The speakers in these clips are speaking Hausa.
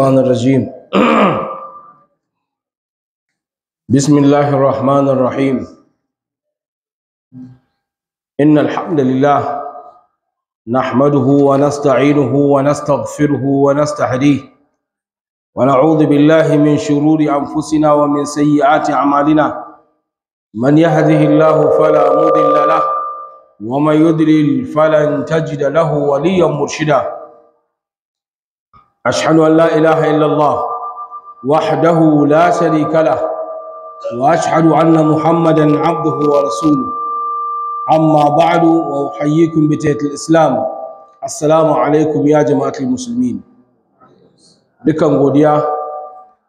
الرحمن الرجيم بسم الله الرحمن الرحيم إن الحمد لله نحمده ونستعينه ونستغفره ونستهديه ونعوذ بالله من شرور أنفسنا ومن سيئات أعمالنا من يهده الله فلا مضل له ومن يضلل فلن تجد له وليا مرشدا أشهد أن لا إله إلا الله وحده لا شريك له وأشهد أن محمدا عبده ورسوله أما بعد وأحييكم بتيت الإسلام السلام عليكم يا جماعة المسلمين dukan godiya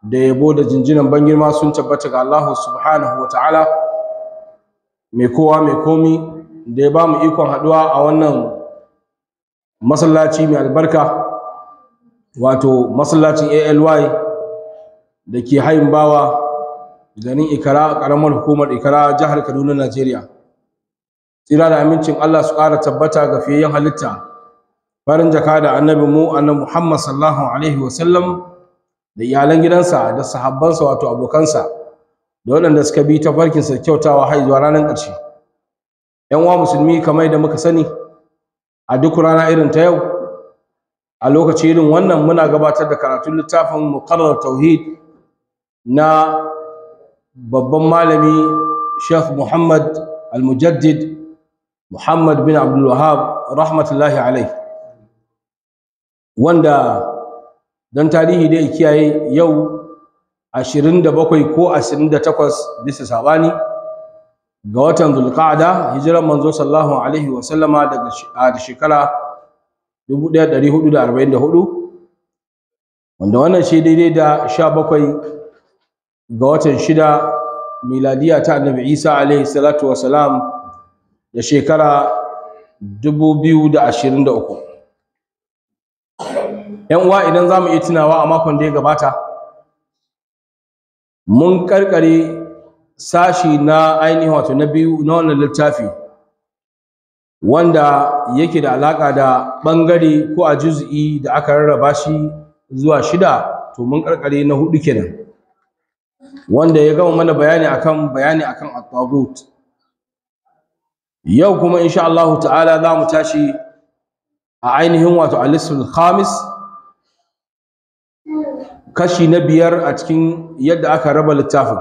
da yabo da jinjinan ban girma sun tabbata ga Allah subhanahu wa ta'ala mai kowa mai komi da ya ba mu ikon haɗuwa a wannan masallaci mai albarka wato masallacin ALY da ke hayin bawa ganin Ikara karamar hukumar Ikara jihar Kaduna Najeriya tsira da amincin Allah su ƙara tabbata ga fiyayyen halitta farin jaka da annabi mu annabi Muhammad sallallahu alaihi wa sallam da iyalan gidansa da sahabbansa wato abokansa da waɗanda suka bi ta farkinsa kyautawa har zuwa ranar ƙarshe ‘yan uwa musulmi kamar da muka sani a duk rana irin ta yau a lokaci irin wannan muna gabatar da karatun littafin muqarrar tauhid na babban malami Sheikh Muhammad Al-Mujaddid Muhammad bin Abdul Wahhab rahmatullahi alaihi wanda don tarihi dai kiyaye yau 27 ko 28 bisa sabani ga watan Zulqa'da hijiran manzo sallallahu alaihi wa sallama daga shekara 1444 wanda wannan ce daidai da sha bakwai ga watan 6 miladiya ta annabi Isa alaihi salatu wasalam da shekara 2023 yan uwa idan za mu iya tunawa a makon da ya gabata mun karkare sashi na ainihin wato na biyu na wannan littafi wanda yake da alaƙa da ɓangare ko a juz'i da aka rarraba shi zuwa shida to mun karkare na hudu kenan wanda ya gama mana bayani akan bayani akan at-tagut yau kuma insha Allah ta'ala za mu tashi a ainihin wato al-ismul khamis kashi na biyar a cikin yadda aka raba littafin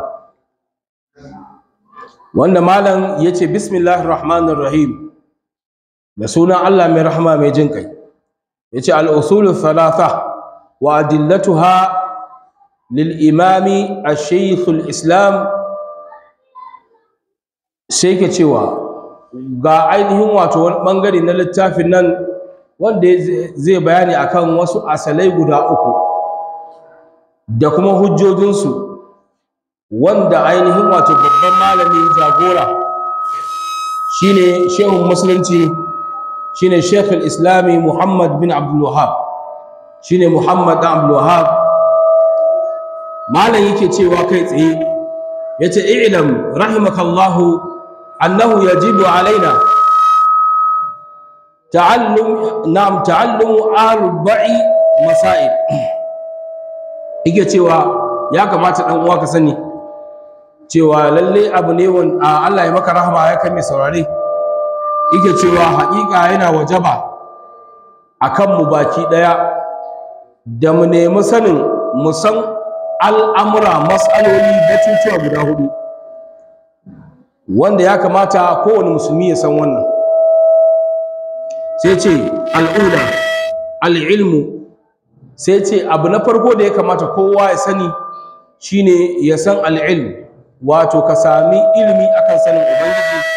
wanda malam yace bismillahir rahmanir rahim da sunan Allah mai rahama mai jin kai ya al-usulu salata wa adillatuha lil imami a shaykh islam sai ke cewa ga ainihin wato wani bangare na littafin nan wanda zai bayani akan wasu asalai guda uku da kuma hujjojinsu wanda ainihin wato babban malamin jagora shine shehun musulunci shine Sheikh al-Islami Muhammad bin Abdul Wahhab shine Muhammad bin Abdul Wahhab malam yake cewa kai tsaye yace i'lam rahimakallahu annahu yajibu alaina ta'allum na'am ta'allum arba'i masail yake cewa ya kamata dan uwa ka sani cewa lalle abu ne wanda Allah ya maka rahama ya kai mai saurare yake cewa haƙiƙa yana wajaba a kanmu baki ɗaya da mu nemi sanin mu san al'amura matsaloli batutuwa guda hudu wanda ya kamata kowane musulmi ya san wannan sai ce al'ula al'ilmu sai ce abu na farko da ya kamata kowa ya sani shine ya san al'ilm wato ka sami ilimi akan sanin ubangiji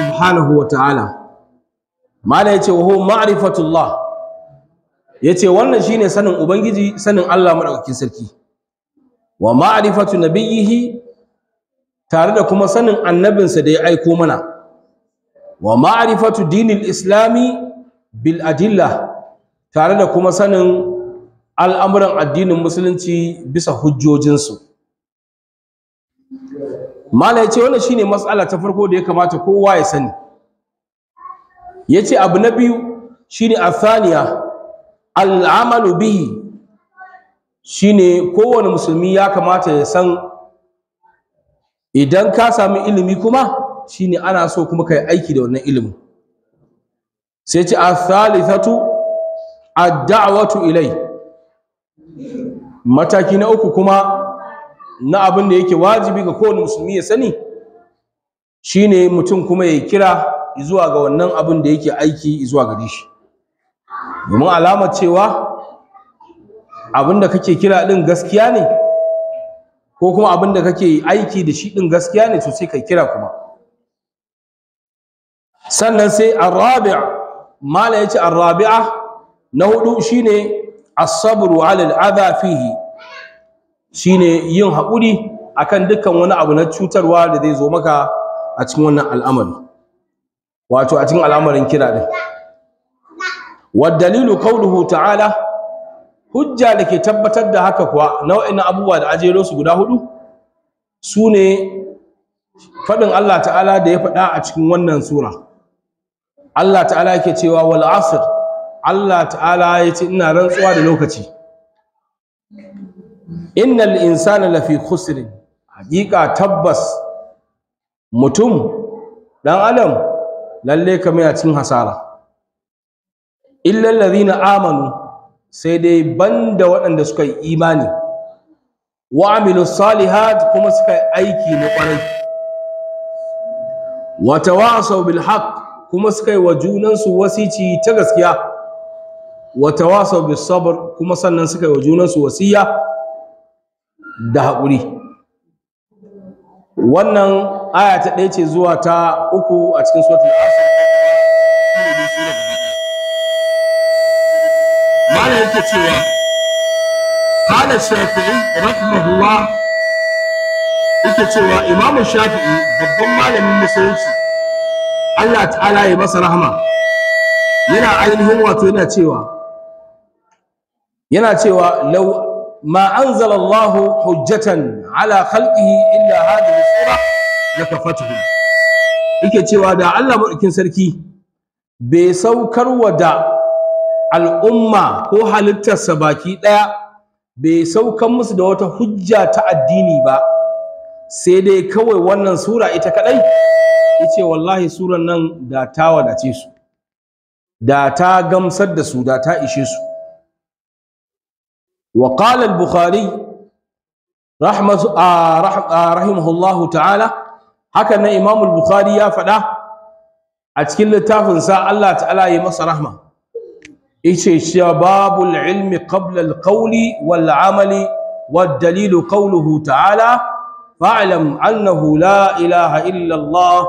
subhanahu wa ta'ala mala yace wa huwa ma'rifatullah yace wannan shine sanin ubangiji sanin Allah madaukakin sarki wa ma'rifatu nabiyhi tare da kuma sanin annabinsa da ya aiko mana wa ma'rifatu dinil islami bil adilla tare da kuma sanin al'amuran addinin musulunci bisa hujjojinsu mala ce wannan shine matsala ta farko da ya kamata kowa ya sani yace abu na biyu shine athaniya al'amalu bihi shine kowane musulmi ya kamata ya san idan ka sami ilimi kuma shine ana so kuma kai aiki da wannan ilimi. sai ce athalithatu ad-da'watu ilai mataki na uku kuma na abin da yake wajibi ga kowane musulmi ya sani shine mutum kuma ya kira zuwa ga wannan abin da yake aiki zuwa gare shi domin alamar cewa abin da kake kira din gaskiya ne ko kuma abin da kake aiki da shi din gaskiya ne to sai ka kira kuma sannan sai arrabi mala yace arabi'a na hudu shine as-sabru 'ala al-adha fihi shine yin haƙuri akan dukkan wani abu na cutarwa da zai zo maka a cikin wannan al'amari wato a cikin al'amarin kira din dalilu qawluhu ta'ala hujja da ke tabbatar da haka kuwa nau'in abubuwa da ajero su guda hudu sune faɗin Allah ta'ala da ya faɗa a cikin wannan sura Allah ta'ala yake cewa wal asr Allah ta'ala yace ina rantsuwa da lokaci innal insana lafi khusrin haƙiƙa tabbas mutum ɗan adam lalle kamar yana cikin hasara illal ladina amanu sai dai banda waɗanda suka yi imani wa amilu salihat kuma suka yi aiki na ƙwarai wa tawasaw bil haqq kuma suka yi wa junansu wasici ta gaskiya wa tawasaw bis sabr kuma sannan suka yi wa junansu wasiya da haƙuri wannan aya ta ɗaya ce zuwa ta uku a cikin suratul asr mala yake cewa qala shafi'i rahimahullah yake cewa imam shafi'i babban malamin musulunci Allah ta'ala ya masa rahama yana ainihin wato yana cewa yana cewa ma anzalallahu hujjatan ala khalqihi illa ya sura lakafatuhum yake cewa da Allah madaukin sarki bai saukarwa da al'umma ko halittarsa baki ɗaya bai saukar musu da wata hujja ta addini ba sai dai kawai wannan sura ita kaɗai yace wallahi suran nan da ta wadace su da ta gamsar da su da ta ishe su وقال البخاري رحمه آه رحمه الله تعالى هكذا امام البخاري a cikin littafin sa Allah ta'ala yi masa rahma yace shababul ilmi qabla alqawli wal amali wad dalilu qawluhu ta'ala fa'lam annahu la ilaha illa Allah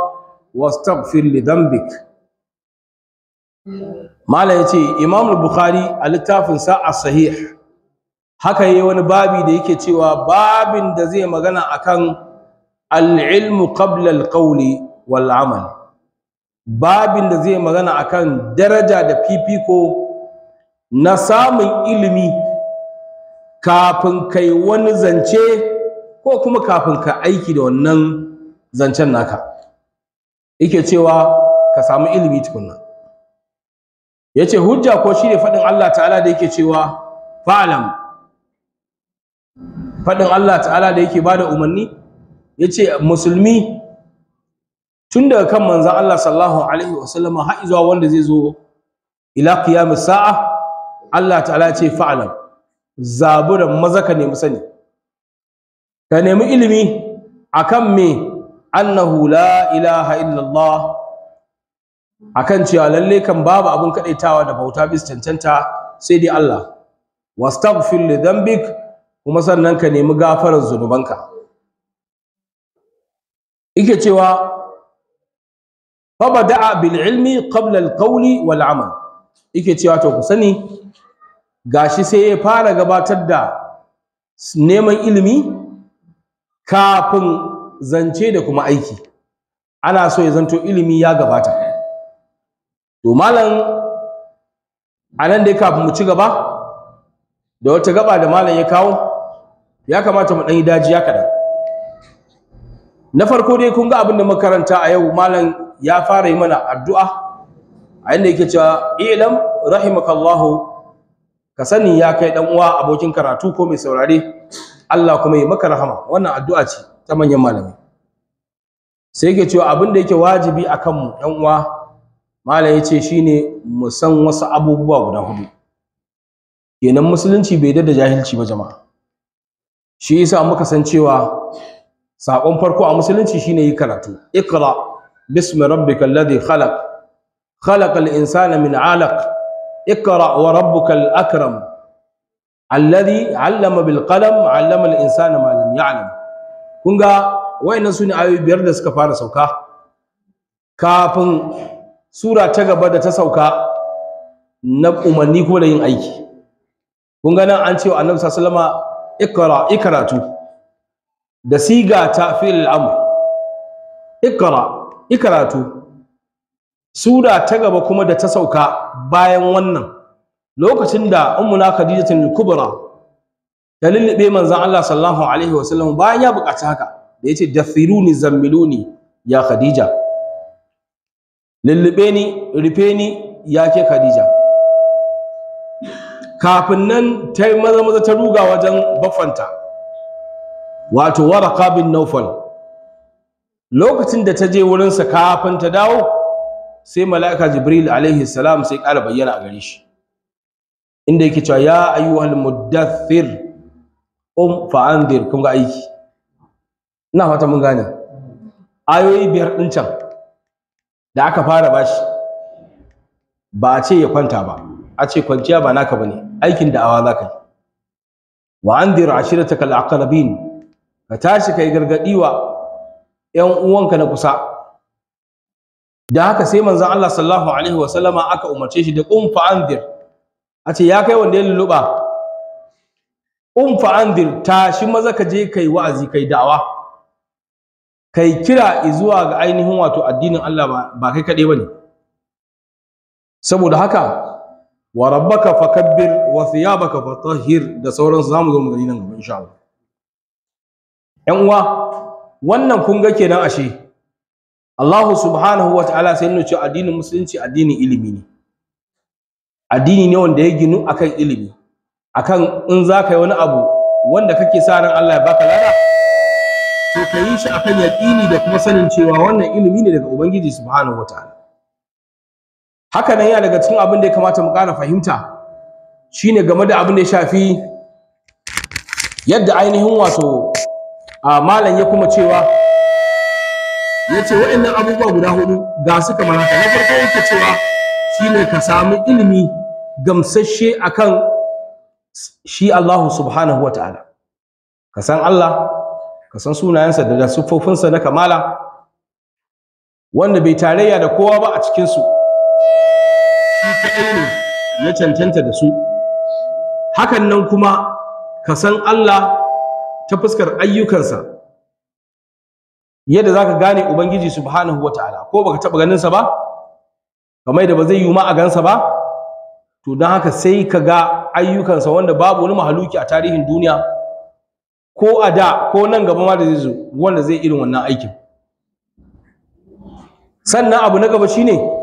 wastaghfir li dhanbik mala yace imam al-bukhari a littafinsa sahih haka yi wani babi da yake cewa babin da zai magana akan al'ilmu qabla kauli qawli wal babin da zai magana akan daraja da fifiko na samun ilimi kafin kai wani zance ko kuma kafin ka aiki da wannan zancen naka yake cewa ka samu ilimi tukunna yace hujja ko shine faɗin Allah ta'ala da yake cewa fa'lam faɗin Allah ta'ala da yake bada umarni ya ce musulmi tun daga kan manzan Allah Sallahu alaihi wasallama har zuwa wanda zai zo ila qiyamis sa'a Allah ta'ala ce fa'alam zaburan maza ka nemi sani ka nemi ilimi akan me annahu la ilaha illallah akan cewa lalle kan babu abin kadaitawa da bauta bis cancanta sai dai Allah wastaghfir li dhanbik kuma sannan ka nemi gafarar zunubanka yake cewa fabada'a bil ilmi qabla al qawli wal amal yake cewa to ku sani gashi sai ya fara gabatar da neman ilimi kafin zance da kuma aiki ana so ya zanto ilimi ya gabata to malam anan dai kafin mu ci gaba da wata gaba da malam ya kawo ya kamata mu ɗanyi dajiya kaɗan na farko dai kun ga abin da makaranta a yau malam ya fara yi mana addu'a a yadda yake cewa ilam rahimakallahu ka sani ya kai ɗan uwa abokin karatu ko mai saurare Allah kuma ya maka rahama wannan addu'a ce ta manyan malami sai yake cewa abin da yake wajibi a mu ɗan uwa malam ya ce shine mu san wasu abubuwa guda hudu kenan musulunci bai da jahilci ba jama'a shi yasa muka san cewa sakon farko a musulunci shine yi karatu iqra bismi rabbikal ladhi khalaq khalaqal insana min 'alaq Ikra wa rabbukal akram alladhi 'allama bil qalam 'allama al insana ma lam ya'lam kun wayannan sune ayoyi biyar da suka fara sauka kafin sura ta gaba da ta sauka na umarni kuma da yin aiki Kunga nan an ce annabi sallallahu alaihi ikra ikaratu da siga ta fi'il amr ikra su da ta gaba kuma da ta sauka bayan wannan lokacin da ummuna khadijatul kubra ta lullube manzon Allah sallallahu alaihi wasallam bayan ya bukaci haka da yace daffiruni zammiluni ya khadija lullube ni rufe ni ya ke khadija kafin nan ta yi maza maza ta ruga wajen bafanta, wato wara kabin naufal lokacin da ta je wurinsa kafin ta dawo sai mala'ika jibril alaihi salam sai ƙara bayyana a gare shi inda yake cewa ya ayyuhal muddathir um fa'andir kun ga aiki ina fata mun gane ayoyi biyar ɗin can da aka fara bashi ba a ce ya kwanta ba a ce kwanciya ba naka bane aikin da'awa zaka yi wa andir ashirataka al-aqrabin ka tashi kai gargadi wa 'yan uwanka na kusa da haka sai manzon Allah sallallahu alaihi wa aka umarce shi da qum fa andir a ce ya kai wanda ya lulluba qum fa andir tashi maza ka je kai wa'azi kai da'awa kai kira zuwa ga ainihin wato addinin Allah ba kai kaɗai bane saboda haka wa rabbaka fakabbir wa thiyabaka fatahhir da sauransu zamu zo mu gani nan gaba insha Allah ƴan uwa wannan kun ga kenan ashe Allah subhanahu wa ta'ala sai nuna cewa addinin musulunci addinin ilimi ne addini ne wanda ya ginu akan ilimi akan in za ka yi wani abu wanda kake sa ran Allah ya baka lada to ka yi shi akan yaƙini da kuma sanin cewa wannan ilimi ne daga Ubangiji subhanahu wa ta'ala haka nan yana daga cikin abin da ya kamata mu ƙara fahimta shine game da abin da ya shafi yadda ainihin wato a malam ya kuma cewa ya ce waɗannan abubuwa guda hudu ga su kamar haka na farko yake cewa shine ka samu ilimi gamsasshe akan shi Allah subhanahu wata'ala ka san Allah ka san sunayensa da siffofinsa na kamala wanda bai tarayya da kowa ba a cikinsu ne ya cancanta da su hakan nan kuma ka san Allah ta fuskar ayyukansa yadda za ka gane ubangiji subhanahu wataala ko baka taɓa ganinsa ba kamar da ba zai yi ma a gansa ba to don haka sai ka ga ayyukansa wanda babu wani mahaluki a tarihin duniya ko a da ko nan gaba ma da zai zo wanda zai irin wannan aikin sannan abu na gaba shine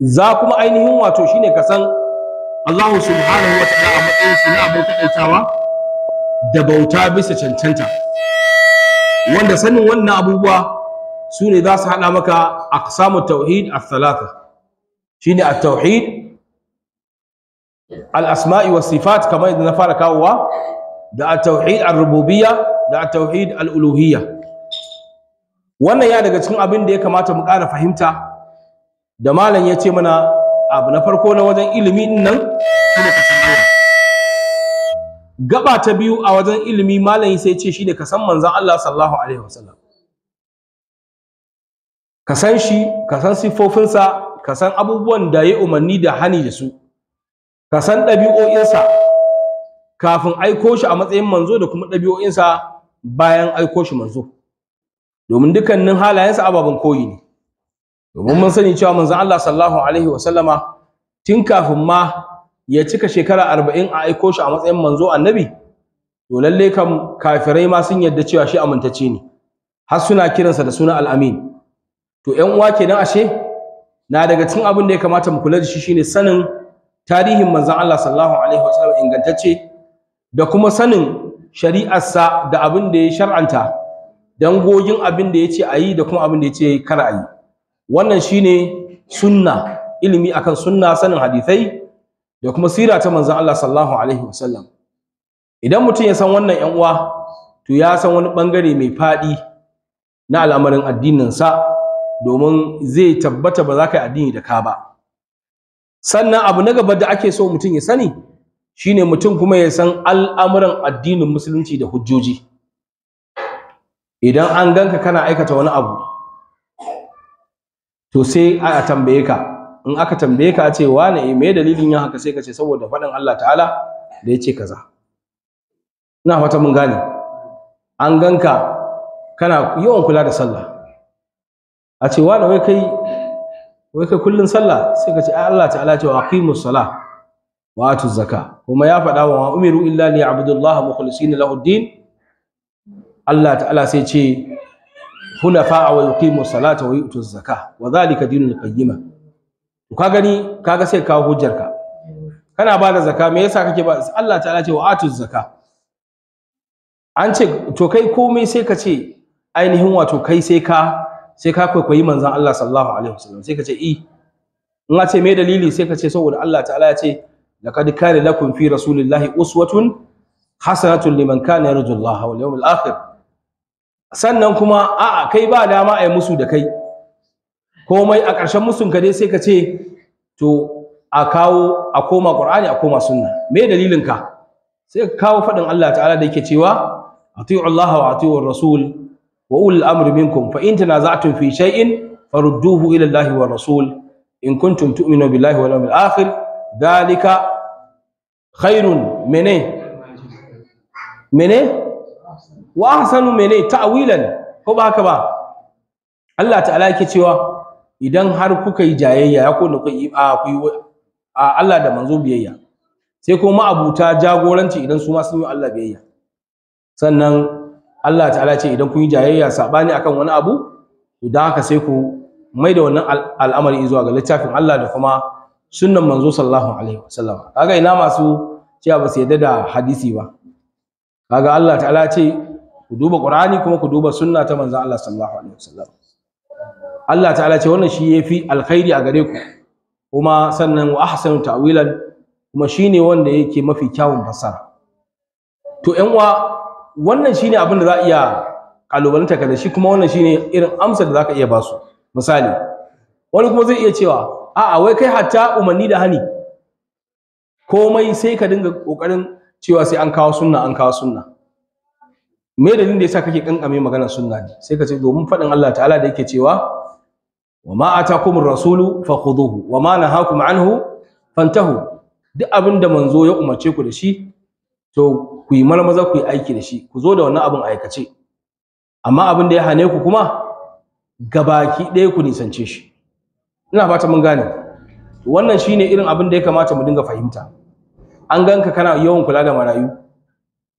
za kuma ainihin wato shine ka san Allah subhanahu wa a matsayin shi na abin kaɗaitawa da bauta bisa cancanta wanda sanin wannan abubuwa su ne za su haɗa maka aqsamu tauhid al shine at-tauhid al-asma'i was sifat kamar yadda na fara kawowa da at-tauhid ar-rububiyya da at-tauhid al-uluhiyya wannan ya daga cikin abin da ya kamata mu ƙara fahimta da malam ya ce mana abu na farko na wajen ilimi nan shine ka san Allah gaba ta biyu a wajen ilimi malam sai ya ce shine ka san manzon Allah sallallahu alaihi wasallam ka san shi ka san sifofinsa ka san abubuwan da ya umarni da hani da su ka san ɗabi'o'insa kafin aiko shi a matsayin manzo da kuma ɗabi'o'insa bayan aiko shi manzo domin dukkanin halayensa ababen koyi ne domin mun sani cewa manzon Allah sallallahu alaihi Sallama tun kafin ma ya cika shekara arba'in a aiko shi a matsayin manzo annabi to lalle kam kafirai ma sun yadda cewa shi amintacce ne har suna kiransa da suna al'amin to ƴan uwa kenan ashe na daga cikin abin da ya kamata mu kula da shi shine sanin tarihin manzon Allah sallallahu alaihi wasallam ingantacce da kuma sanin shari'arsa da abin da ya shar'anta dangogin abin da ya ce a yi da kuma abin da ya ce kar a yi wannan shine sunna ilimi akan sunna sanin hadisai da kuma sira ta manzon Allah sallallahu alaihi wasallam idan mutum ya san wannan yan uwa to ya san wani bangare mai fadi na al'amarin addinin sa domin zai tabbata ba za ka yi addini da ka ba sannan abu na gaba da ake so mutum ya sani shine mutum kuma ya san al'amuran addinin musulunci da hujjoji idan an ganka kana aikata wani abu to sai a tambaye ka in aka tambaye ka ce wane eh, me dalilin yin haka sai ka ce saboda faɗin Allah ta'ala da ya ce kaza ina fata mun gane an ganka kana yawan kula da sallah a ce wane wai kai wai kai kullun sallah sai ka ce Allah ta'ala ce wa aqimus salah wa atuz zaka kuma ya faɗa wa umiru illa li abdullahi mukhlisin lahu din Allah ta'ala sai ce hunafa wa yuqimu salata wa yu'tu zakah wa dhalika dinul qayyima to ka gani kaga sai ka hujjarka kana ba da zaka me yasa kake ba Allah ta'ala ce wa atuz zaka an ce to kai komai sai ka ce ainihin wato kai sai ka sai ka kwaikwayi manzon Allah sallallahu alaihi wasallam sai ka ce i eh. in a ce me dalili sai ka ce saboda Allah ta'ala ya ce laqad kana lakum fi rasulillahi uswatun hasanatun liman kana yarju Allah wal yawmil akhir sannan kuma a'a kai ba dama a yi musu da kai komai a ƙarshen musun ka dai sai ka ce to a kawo a koma qur'ani a koma sunna me dalilin ka sai ka kawo faɗin Allah ta'ala da yake cewa ati'u Allah wa ati'u rasul وأولي الأمر منكم فإن تنازعتم في شيء فردوه إلى الله in إن tuminu billahi بالله واليوم الآخر ذلك خير من منه wa ahsanu mene ta'wilan ko ba haka ba Allah ta'ala yake cewa idan har kuka yi jayayya ya ko da ku yi a ku yi a Allah da manzo biyayya sai kuma abuta jagoranci idan su ma sun yi Allah biyayya sannan Allah ta'ala ce idan kun yi jayayya sabani akan wani abu to dan haka sai ku mai da wannan al'amari zuwa ga littafin Allah da kuma sunnan manzo sallallahu alaihi wasallam kaga ina masu cewa ba su yarda da hadisi ba kaga Allah ta'ala ce ku duba qur'ani kuma ku duba sunna ta manzon Allah sallallahu alaihi wasallam Allah ta'ala ce wannan shi yafi alkhairi a gare ku kuma sannan wa ahsanu ta'wilan kuma shine wanda yake mafi kyawun fasara to ƴan uwa wannan shine abin da za a iya kalubalanta ka da shi kuma wannan shine irin amsar da zaka iya ba su misali wani kuma zai iya cewa a'a wai kai hatta umarni da hani komai sai ka dinga kokarin cewa sai an kawo sunna an kawo sunna me dalilin da yasa kake kankame magana sunna ne sai ka ce domin faɗin Allah ta'ala da yake cewa wa ma atakumur rasulu fakhuduhu wa ma nahakum anhu fantahu duk abin da manzo ya umarce ku da shi to ku yi marmaza ku yi aiki da shi ku zo da wannan abin aikace amma abin da ya hane ku kuma gabaki ɗaya ku nisance shi ina fata mun gane wannan shi ne irin abin da ya kamata mu dinga fahimta an ganka kana yawan kula da marayu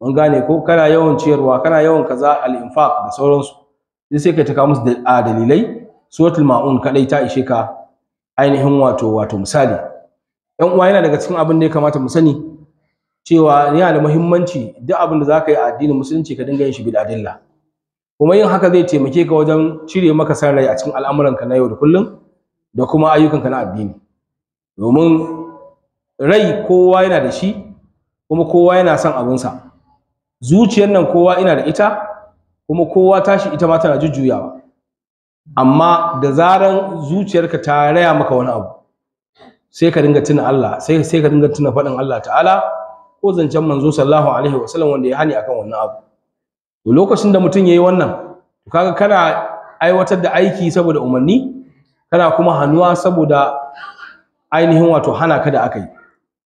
mun gane ko kana yawan ciyarwa kana yawan kaza al-infaq da sauransu sai sai kai ta kawo musu da dalilai suratul maun kadai ta ishe ka ainihin wato wato misali yan uwa yana daga cikin abin da ya kamata mu sani cewa yana da muhimmanci duk abin da zaka yi a addinin musulunci ka dinga yin shi bil adilla kuma yin haka zai taimake ka wajen cire maka san rai a cikin al'amuranka na yau da kullum da kuma ayyukanka na addini domin rai kowa yana da shi kuma kowa yana son abinsa zuciyar nan kowa ina da ita kuma kowa tashi ita ma tana jujjuyawa amma da zaran zuciyarka ta raya maka wani abu sai ka dinga tuna Allah sai sai ka dinga tuna faɗin Allah ta'ala ko zancen manzo sallallahu alaihi wasallam wanda ya hani akan wannan abu to lokacin da mutum yayi wannan to kaga kana aiwatar da aiki saboda umarni kana kuma hannuwa saboda ainihin wato hana ka da aka yi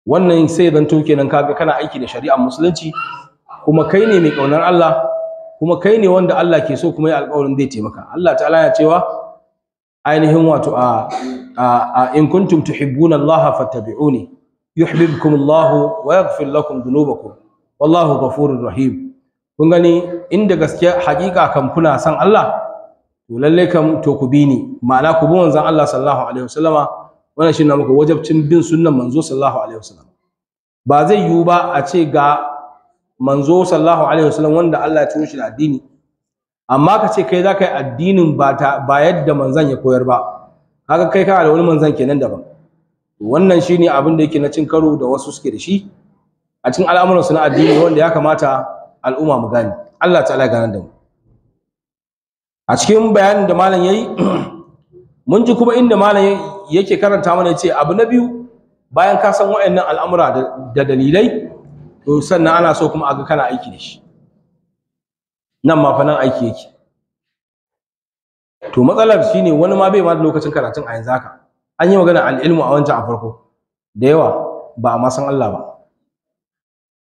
wannan sai zan zanto kenan kaga kana aiki da shari'ar musulunci kuma kai ne mai ƙaunar Allah kuma kai ne wanda Allah ke so kuma ya alƙawarin zai taimaka Allah ta'ala ya cewa ainihin wato a a in kuntum tuhibbuna Allah fattabi'uni yuhibbukum Allah wa yaghfir lakum dhunubakum wallahu ghafurur rahim kun gani inda gaskiya hakika kan kuna san Allah to lalle kam to ku bi ni ma'ana ku bi manzon Allah sallallahu alaihi wasallama wannan shi na muku wajabcin bin sunnan manzo sallallahu alaihi wasallam ba zai yiwu ba a ce ga manzo sallallahu alaihi wasallam wanda Allah ya turo da addini amma ka ce kai za ka yi addinin ba yadda manzon ya koyar ba kaga kai kana da wani manzan kenan daban wannan shine abin da yake na cin karo da wasu suke da shi a cikin al'amuransu na addini wanda ya kamata al'umma mu gane Allah ta'ala ganar da mu a cikin bayanin da malam yayi mun ji kuma inda malam yake karanta mana yace abu na biyu bayan ka san wa'annan al'amura da dalilai sannan ana so kuma a ga kana aiki da shi nan ma fa nan aiki yake to matsalar ne wani ma bai ma lokacin karatun a yanzu haka an yi magana al'ilmu a wancan a farko da yawa ba a ma san Allah ba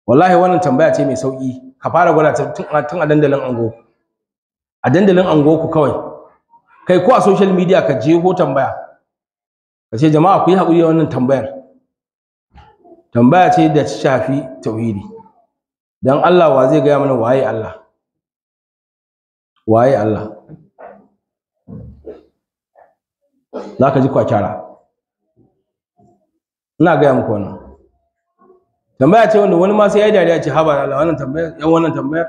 wallahi wannan tambaya ce mai sauki ka fara gwada ta tun a dandalin ango a dandalin ango ku kawai kai ko a social media ka je ho tambaya ka ce jama'a ku yi haƙuri wannan tambayar tambaya ce da shafi tauhidi dan Allah wa zai gaya mana waye Allah waye Allah za ka ji kwakyara ina gaya muku wannan tambaya ce wanda wani ma sai ya yi dariya ce haba Allah wannan tambaya yan wannan tambayar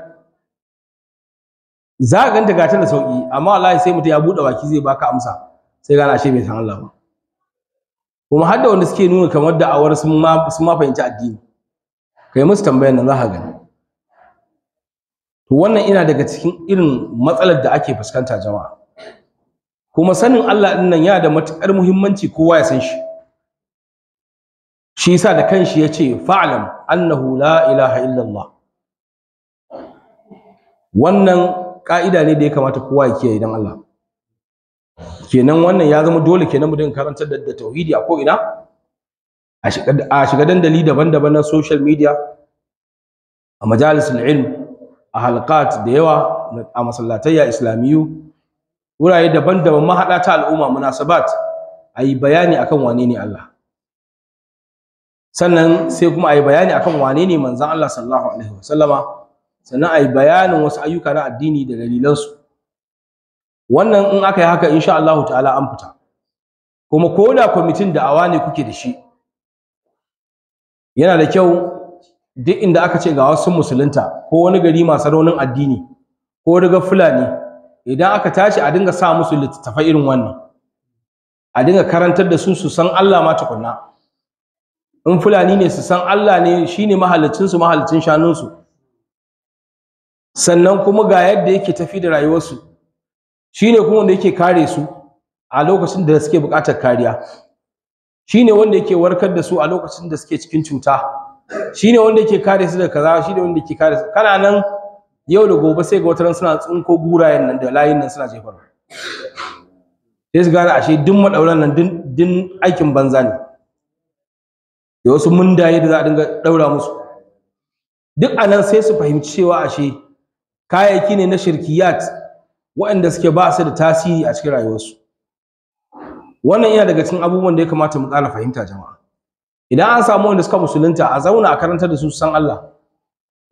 za ka ganta gata da sauki amma wallahi sai mutum ya bude baki zai baka amsa sai gana ashe bai san Allah ba kuma har da wanda suke nuna kamar da sun ma sun ma fahimci addini kai musu tambayar nan za ka gani to wannan ina daga cikin irin matsalar da ake fuskanta jama'a kuma sanin Allah din nan yana da matukar muhimmanci kowa ya san shi shi yasa da kanshi yace fa'lam annahu la ilaha illallah wannan ka'ida ne da ya kamata kowa ya kiyaye dan Allah kenan wannan ya zama dole kenan mu dinga karantar da, da tauhidi a ko ina a shiga a shiga dandali daban-daban na social media a majalisul ilm a halqat da yawa a masallatayya islamiyu wurare daban-daban mahaɗa ta al'umma munasabat ayi bayani akan wane ne Allah sannan sai kuma ayi bayani akan wane ne manzan Allah sallallahu alaihi wasallama sannan ayi bayanin wasu ayyuka na addini da dalilansu wannan in aka yi haka insha Allah ta'ala an fita kuma ko da kwamitin da'awa ne kuke da shi yana da kyau duk inda aka ce ga wasu musulunta ko wani gari masu raunin addini ko daga fulani idan aka tashi a dinga sa musu littattafai irin wannan a dinga karantar da su su san Allah ma tukunna in fulani ne su san Allah ne shine mahallicin su mahallicin shanun su sannan kuma ga yadda yake tafi da rayuwarsu shine kuma wanda yake kare su a lokacin da suke buƙatar kariya shine wanda yake warkar da su a lokacin da suke cikin cuta shine wanda yake kare su da kaza shine wanda yake kare su kana nan yau da gobe sai ga wata ran suna tsinko gurayen nan da layin nan suna jefar sai su gane ashe duk madauran nan din aikin banza ne da wasu mundaye da za a dinga daura musu duk anan sai su fahimci cewa ashe kayayyaki ne na shirkiyat waɗanda suke ba su da tasiri a cikin rayuwarsu wannan yana daga cikin abubuwan da ya kamata mu ƙara fahimta jama'a idan an samu wanda suka musulunta a zauna a karantar da su san Allah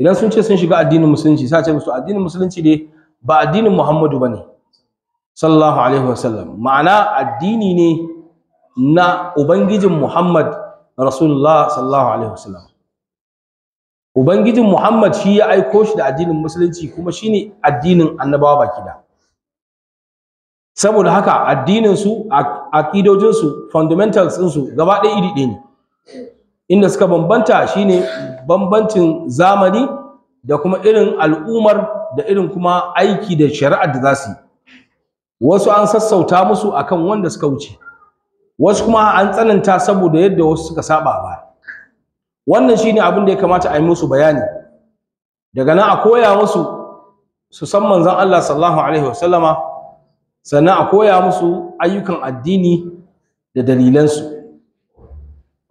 idan sun ce sun shiga addinin musulunci sai ce musu addinin musulunci ne ba addinin Muhammadu bane sallallahu alaihi wasallam ma'ana addini ne na ubangijin Muhammad rasulullah sallallahu alaihi wasallam ubangijin Muhammad shi ya aiko shi da addinin musulunci kuma shine addinin annabawa baki da saboda haka addininsu, su akidojin fundamentals ɗinsu gaba ɗaya iri ɗaya inda suka bambanta shine bambancin zamani da kuma irin al'umar da irin kuma aiki da shari'ar da za su yi wasu an sassauta musu akan wanda suka wuce wasu kuma an tsananta saboda yadda wasu suka saba ba wannan shine abin da ya kamata a yi musu bayani daga nan a koya musu su san manzon Allah sallallahu alaihi wasallama sannan a koya musu ayyukan addini da dalilansu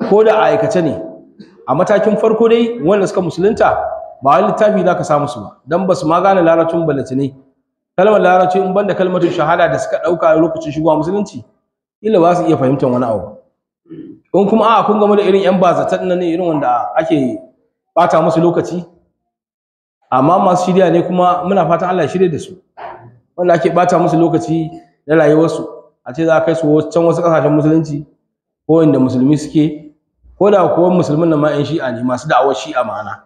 ko da a aikace ne a matakin farko dai wanda suka musulunta ba wani littafi za ka samu su ba don ba su ma gane larabcin ne kalmar larabci in banda kalmatin shahada da suka ɗauka lokacin shigowa musulunci illa ba su iya fahimtar wani abu in kuma a kun gama da irin yan bazatan nan ne irin wanda ake bata musu lokaci amma masu shirya ne kuma muna fatan Allah ya shirya da su wanda ake bata musu lokaci na rayuwarsu a ce za a kai su can wasu kasashen musulunci ko inda musulmi suke ko da kuwa musulmin nan ma shi'a ne masu da'awar shi'a ma'ana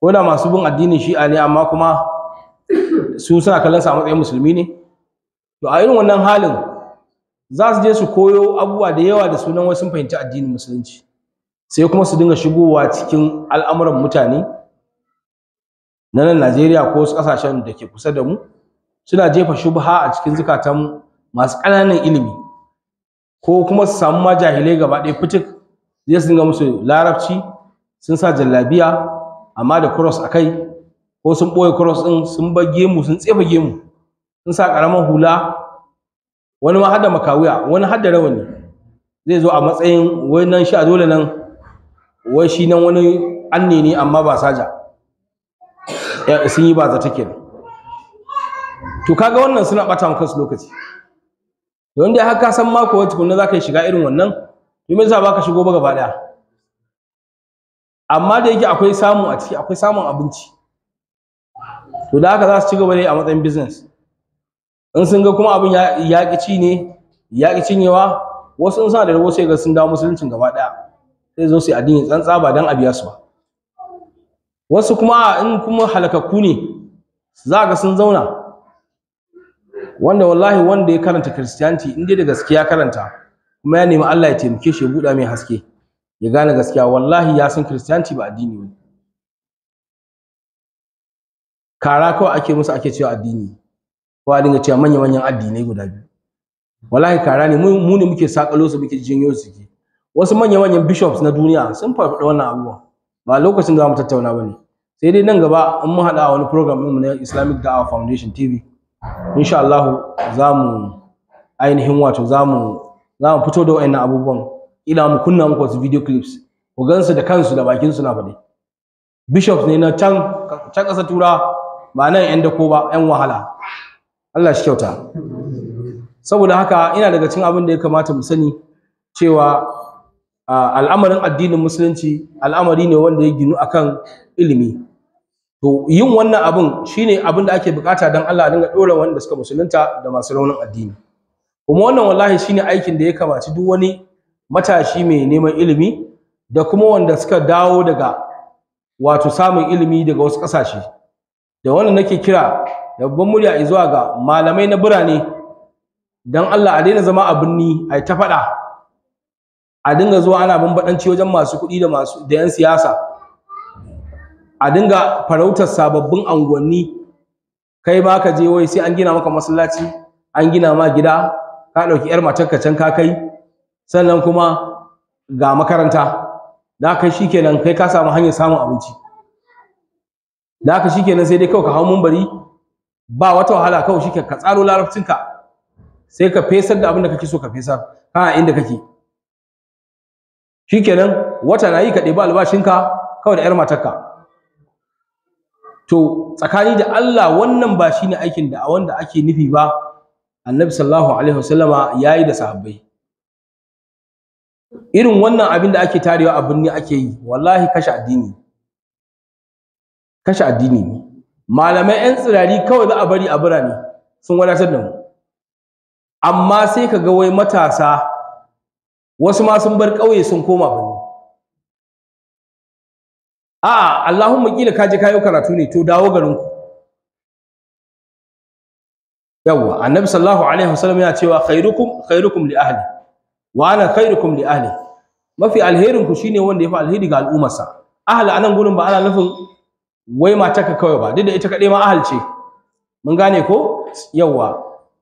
ko da masu bin addinin shi'a ne amma kuma su suna kallon sa matsayin musulmi ne to a irin wannan halin za su je su koyo abubuwa da yawa da sunan wasu fahimci addinin musulunci sai kuma su dinga shigowa cikin al'amuran mutane na nan Najeriya ko wasu kasashen da ke kusa da mu suna jefa shubha a cikin zukatan masu ƙananan ilimi ko kuma su samu ma jahilai gaba ɗaya fitik zai sun ga musu larabci sun sa jallabiya amma da cross a kai ko sun ɓoye cross ɗin sun bar gemu sun tsefa gemu sun sa ƙaramin hula wani ma hada makawiya wani hada rawani zai zo a matsayin wai nan shi a dole nan wai shi nan wani anne ne amma ba saja sun yi ba zata kenan to kaga wannan suna bata maka su lokaci don dai har ka san mako wata kunna zaka shiga irin wannan to me yasa baka shigo ba gaba daya amma da yake akwai samu a ciki akwai samun abinci to da haka za su ci gaba ne a matsayin business in sun ga kuma abin ya ne ya cinyewa wasu in suna da rabo sai ga sun dawo musuluncin gaba daya sai zo su yi addini tsantsa ba dan a biya su ba wasu kuma in kuma halakakku ne za ga sun zauna wanda wallahi wanda ya karanta kristiyanci in dai da gaskiya karanta kuma ya nemi Allah ya taimake shi ya buɗa mai haske ya gane gaskiya wallahi ya san kristiyanci ba addini ne kara kawai ake musu ake cewa addini ko a dinga cewa manya manyan addinai guda biyu wallahi kara ne mu ne muke sakalo su muke jinyo su ke wasu manya manyan bishops na duniya sun farfaɗa wannan abubuwa ba lokacin da mu tattauna ne, sai dai nan gaba in mun haɗa wani program mu na Islamic Da'awa Foundation TV insha Allah za mu ainihin wato za mu za mu fito da wayannan abubuwan ila mu kunna muku wasu video clips ku gansu da kansu da bakin su na faɗi bishops ne na can can ƙasar tura ba nan yan dako ba yan wahala Allah shi kyauta saboda haka ina daga cikin abin da ya kamata mu sani cewa al'amarin addinin musulunci al'amari ne wanda ya ginu akan ilimi to yin wannan abun shine abin da ake bukata dan Allah dinga dora wanda suka musulunta da masu raunin addini kuma wannan wallahi shine aikin da ya kamaci duk wani matashi mai neman ilimi da kuma wanda suka dawo daga wato samun ilimi daga wasu kasashe da wannan nake kira da babban murya zuwa ga malamai na birane dan Allah a daina zama a birni ai ta faɗa a dinga zuwa ana bambadanci wajen masu kuɗi da masu da 'yan siyasa a dinga farautar sababbin anguwanni kai ba ka je wai sai an gina maka masallaci an gina ma gida ka ɗauki 'yar matarka can ka kai sannan kuma ga makaranta da haka shikenan kai ka samu hanyar samun abinci da haka shikenan sai dai kawai ka hau mumbari ba wata wahala kawai shi ka tsaro larabcinka sai ka fesar da abin da kake so ka fesar ha inda kake shikenan wata na yi ka ɗebi albashinka kawai da 'yar matarka to tsakani da Allah wannan ba shi ne aikin da wanda ake nufi ba annabi sallallahu alaihi wasallama yayi da sahabbai irin wannan abin da ake tarewa a birni ake yi wallahi kashe addini kashe addini ne malamai yan tsirari kawai za a bari a birane sun wadatar da mu amma sai ka ga wai matasa wasu ma sun bar ƙauye sun koma birni a Allahumma kila ka je kayo karatu ne to dawo garin ku yawa annabi sallallahu alaihi wasallam yana cewa khairukum khairukum li ahli wa ana khairukum li ahli mafi alherin ku shine wanda ya fi alheri ga al'umarsa. ahli anan gurin ba ana nufin wai matarka kawai ba duk da ita kadai ma ahal ce mun gane ko yawa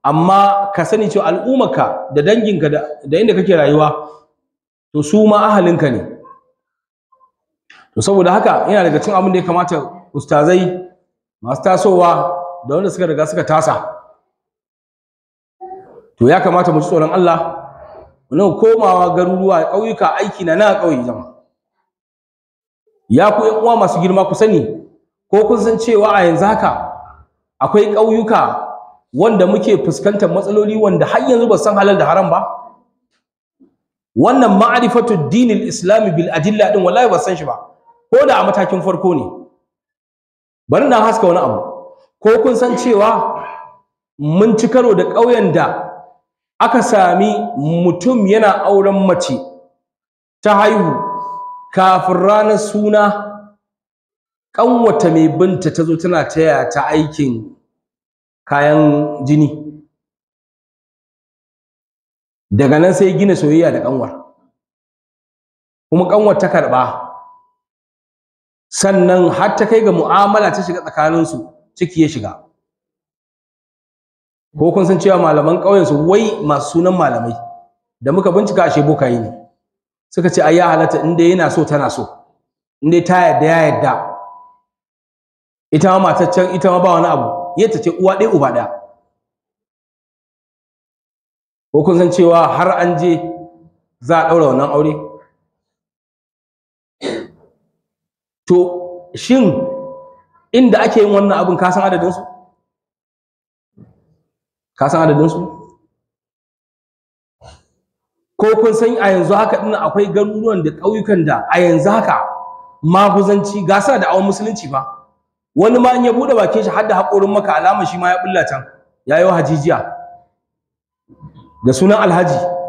amma ka sani cewa al'ummarka da danginka da inda kake rayuwa to su ma ahalinka ne to saboda haka yana daga cikin abin da ya kamata ustazai masu tasowa da wanda suka riga suka tasa to ya kamata mu ji tsoron Allah mu komawa garuruwa ƙauyuka aiki na na ƙauye jama'a ya ku ƴan uwa masu girma ku sani ko kun san cewa a yanzu haka akwai ƙauyuka wanda muke fuskantar matsaloli wanda har yanzu ba san halal da haram ba wannan ma'rifatu dinil islami bil adilla din wallahi ba san shi ba ko da a matakin farko ne bari na haska wani abu ko kun san cewa mun ci karo da ƙauyen da aka sami mutum yana auren mace ta haihu kafin ranar suna ƙanwata mai binta ta zo tana taya ta aikin kayan jini daga nan sai gina soyayya da ƙanwar kuma ƙanwar ta karɓa sannan har ta kai ga mu'amala ta shiga tsakaninsu ciki ya shiga ko kun san cewa malaman ƙauyensu wai masu sunan malamai da muka bincika ashe bokaye ne suka ce ai ya halatta in dai yana so tana so in dai ta yarda ya yarda ita ma mataccen ita ma ba wani abu yadda ce uwa ɗaya uba ɗaya ko kun san cewa har an je za a ɗaura wannan aure to shin inda ake yin wannan abin ka san adadin su ko kun san a yanzu haka din akwai garuruwan da ƙauyukan da a yanzu haka mahuzanci gasa da awon musulunci ba? wani ma in ya bude bakin shi har da haƙorin maka alama shi ma ya bulla can wa hajijiya da sunan alhaji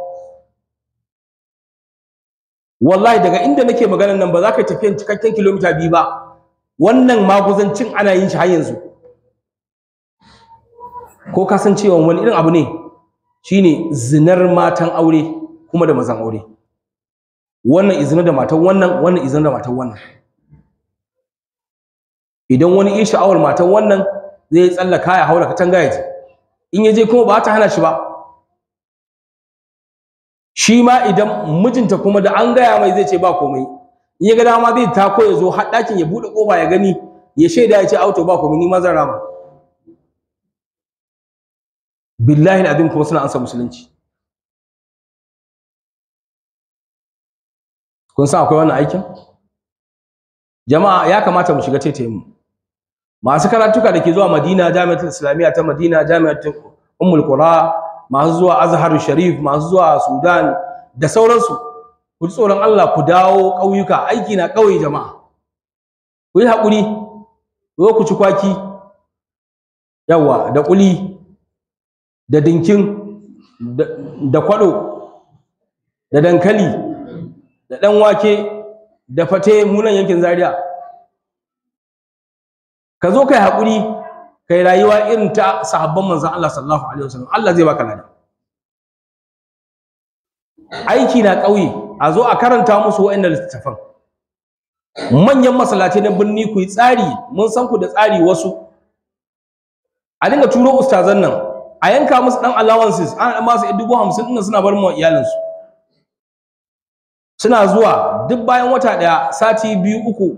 wallahi daga inda nake maganar nan ba za ka tafi cikakken kilomita biyu ba wannan maguzancin ana yin shi har yanzu ko ka san cewa wani irin abu ne shine zinar matan aure kuma da mazan aure wannan izina da matan wannan wannan izina da matan wannan idan wani ya sha'awar matan wannan zai tsallaka ya haura katanga yaji in ya je kuma ba ta hana shi ba shi ma idan mijinta kuma da an gaya mai zai ce ba komai in ya ga dama zai tako ya zo har ɗakin ya buɗe ƙofa ya gani ya shaida ya ce auto ba komai ni ma zan rama billahi azim kuma suna ansa musulunci kun san akwai wannan aikin jama'a ya kamata mu shiga tete mu masu karatuka da ke zuwa madina jami'atul islamiyya ta madina jami'atul ummul qura masu zuwa azhar sharif masu zuwa sudan da sauransu ku ji tsoron allah ku dawo ƙauyuka aiki na ƙauye jama'a ku yi haƙuri ku ku ci kwaki yawa da ƙuli da dinkin da kwaɗo da dankali da ɗan wake da fate munan yankin zaria ka zo kai haƙuri kai rayuwa irin ta sahabban manzan Allah sallallahu alaihi wasallam Allah zai baka lada aiki na ƙauye a zo a karanta musu wa'annan littattafan manyan masallatai na birni ku yi tsari mun san ku da tsari wasu a dinga turo ustazan nan a yanka musu dan allowances ana dan masu dubu hamsin suna bar mu iyalinsu suna zuwa duk bayan wata ɗaya sati biyu uku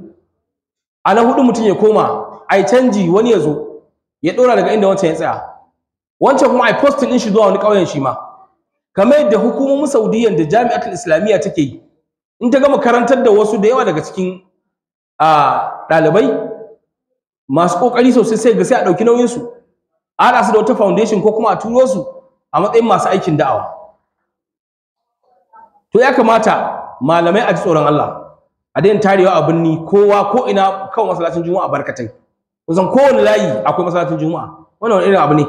a na hudu mutum ya koma ai canji wani ya zo ya dora daga inda wancan ya tsaya wancan kuma ai posting din shi zuwa wani ƙauyen shi ma kamar yadda hukumomin Saudiyya da Jami'atul Islamiyya take yi in ta gama karantar da wasu da yawa daga cikin a ɗalibai masu ƙoƙari sosai sai ga sai a ɗauki nauyin su a haɗa su da wata foundation ko kuma a turo su a matsayin masu aikin da'awa to ya kamata malamai a ji tsoron Allah a daina tarewa a binni kowa ko ina kan masallacin juma'a barkatai kusan kowane layi akwai masallacin juma'a wannan wani irin abu ne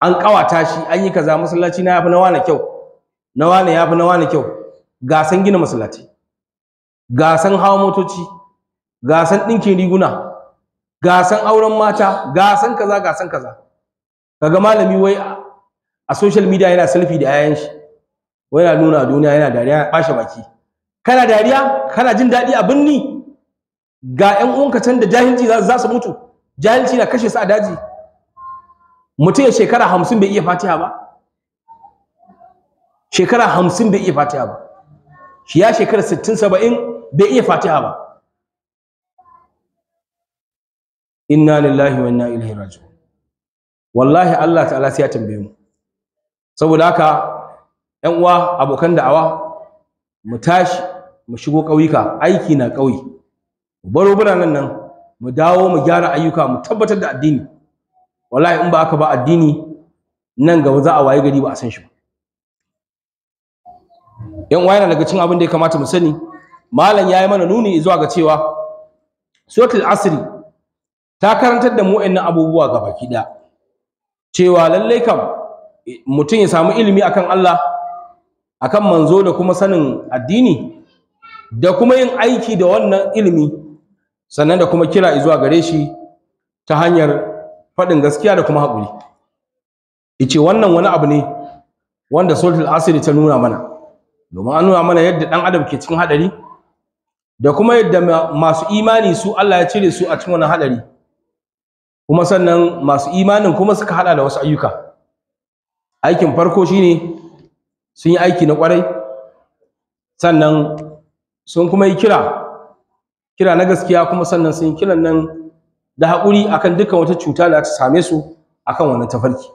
an kawata shi an yi kaza masallaci na yafi na wane kyau na wane yafi na wane kyau gasan gina masallaci gasan hawa motoci gasan ɗinkin riguna gasan auren mata gasan kaza gasan kaza kaga malami wai a social media yana selfie da yayan shi wai yana nuna duniya yana dariya ya bashi baki kana dariya kana jin daɗi a binni ga ƴan uwanka can da jahilci za su mutu jahilci na kashe su a daji mutum ya shekara hamsin bai iya fatiha ba shekara hamsin bai iya fatiha ba shi ya shekara sittin saba'in bai iya fatiha ba inna lillahi wa inna ilaihi raji'un wallahi Allah ta'ala sai ya tambaye mu saboda haka ƴan uwa abokan da'awa mu tashi mu shigo ƙauyuka aiki na ƙauye baro biranen nan mu dawo mu gyara ayyuka mu tabbatar da addini wallahi in ba aka ba addini nan gaba za a waye gari ba a san shi ba yan uwa yana daga cikin abin da ya kamata mu sani malam yayi mana nuni zuwa ga cewa suratul asri ta karantar da mu wayannan abubuwa ga baki da cewa lalle kam mutum ya samu ilimi akan Allah akan manzo da kuma sanin addini da kuma yin aiki da wannan ilimi sannan da kuma kira zuwa gare shi ta hanyar faɗin gaskiya da kuma haƙuri ice wannan wani abu ne wanda sulhul asiri ta nuna mana domin an nuna mana yadda ɗan adam ke cikin haɗari da kuma yadda masu imani su Allah ya cire su a cikin wannan haɗari kuma sannan masu imanin kuma suka haɗa da wasu ayyuka aikin farko shine sun yi aiki na ƙwarai sannan sun kuma yi kira kira na gaskiya kuma sannan sun kiran nan da haƙuri akan dukkan wata cuta da ta same su akan wannan tafarki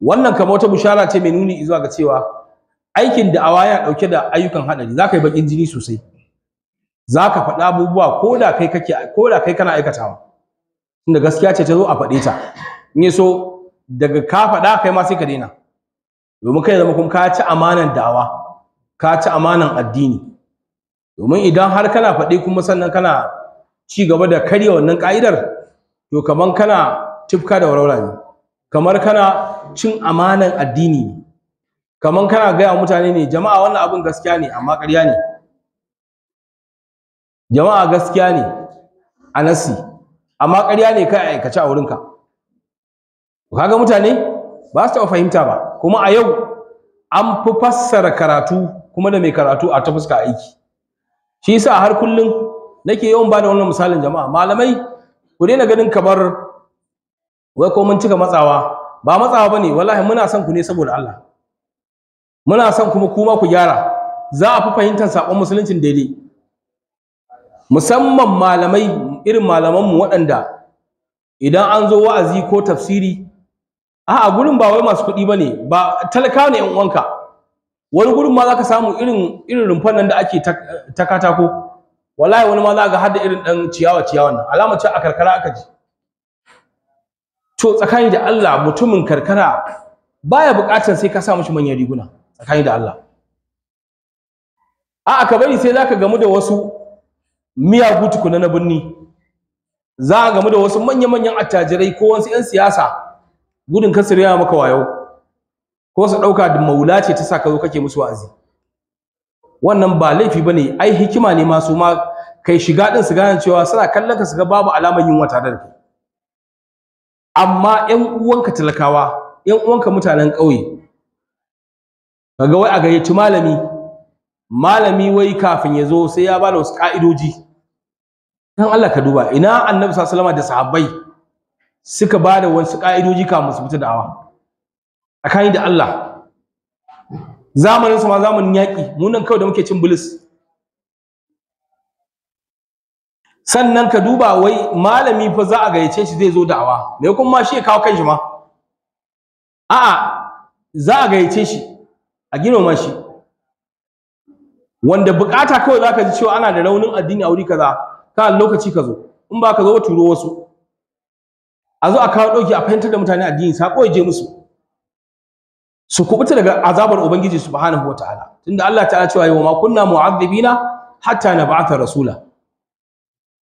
wannan kamar wata bushara ce mai nuni zuwa ga cewa aikin da'awa ya ɗauke da ayyukan haɗari za ka yi baƙin jini sosai za ka faɗi abubuwa ko da kai kake ko kai kana aikatawa tunda gaskiya ce ta zo a faɗe ta in ya so daga ka faɗa kai ma sai ka daina domin kai zama kuma ka ci amanan da'awa ka ci amanan addini domin idan har kana faɗi kuma sannan kana ci gaba da karya wannan ƙa'idar, to kamar kana tifka da warwara ne kamar kana cin amanan addini kamar kana gaya mutane ne jama'a wannan abin gaskiya ne amma ƙarya ne jama'a gaskiya ne a nasi amma ƙarya ne kai a aikace a wurinka kaga mutane ba su taɓa fahimta ba kuma a yau an fi fassara karatu kuma da mai karatu a ta fuska aiki shi yasa har kullum nake yawan bada wannan misalin jama'a malamai ku daina ganin kamar wai ko mun cika matsawa ba matsawa bane wallahi muna son ku ne saboda Allah muna son kuma kuma ku gyara za a fi fahimtar sakon musuluncin daidai musamman malamai irin malaman mu waɗanda idan an zo wa'azi ko tafsiri a'a gurin ba wai masu kuɗi bane ba talakawa ne yan uwanka wani gurin ma za ka samu irin rumfan nan da ake ta katako wallahi wani ma za ga har da irin dan ciyawa ciyawa nan alama ce a karkara aka ji to tsakani da Allah mutumin karkara baya buƙatar sai ka sa shi manyan riguna tsakani da Allah a'a ka bari sai za ka gamu da wasu miyagu tukuna na birni za a gamu da wasu manya-manyan attajirai ko wasu 'yan siyasa gudun kasar yana maka wayo ko su ɗauka da maula ce ta sa ka zo kake musu wa'azi wannan ba laifi ba ne, ai hikima ne ma su ma kai shiga ɗin su gane cewa suna kallon ka su ga babu alamar yin wata da kai amma ƴan uwanka talakawa ƴan uwanka mutanen ƙauye kaga wai a gayyaci malami malami wai kafin ya zo sai ya ba da wasu ƙa'idoji dan Allah ka duba ina annabi sallallahu alaihi wasallam da sahabbai suka ba da wasu ƙa'idoji kafin su fita da'awa tsakani da Allah zamanin su ma zamanin yaƙi munan kawai da muke cin bilis sannan ka duba wai malami fa za a gayyace shi zai zo da'awa me kuma ma shi ya kawo kanshi ma a'a za a gayyace shi a ma shi wanda bukata kawai zaka ji cewa ana da raunin addini a wuri kaza ka lokaci ka zo in ba ka zo turo wasu a zo a kawo ɗauki a fahimtar da mutane addini sako ya je musu su kubuta daga azabar ubangiji subhanahu wataala tunda Allah ta'ala cewa wa ma kunna mu'adhibina hatta nab'atha rasula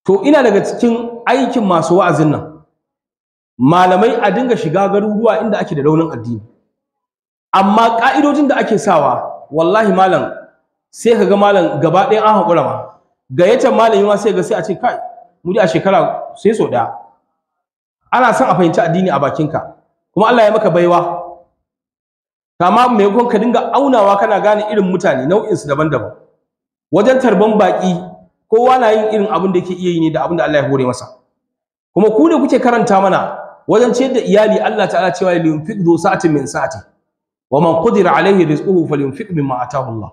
to ina daga cikin aikin masu wa'azin nan malamai a dinga shiga garuruwa inda ake da raunin addini amma ka'idojin da ake sawa wallahi malam sai ka ga malam gaba ɗaya an haƙura ma gayyatar malami ma sai ga sai a ce kai mu a shekara sai so ɗaya ana son a fahimci addini a bakinka kuma Allah ya maka baiwa kama mai maimakon ka dinga aunawa kana gane irin mutane nau'in su daban-daban wajen tarban baki kowa na yin irin abin da yake iya yi ne da abin da Allah ya hore masa kuma ku ne kuke karanta mana wajen ciyar da iyali Allah ta'ala cewa ya yunfiq zu sa'atin min sa'ati wa man qadira alayhi rizquhu falyunfiq mimma ataahu Allah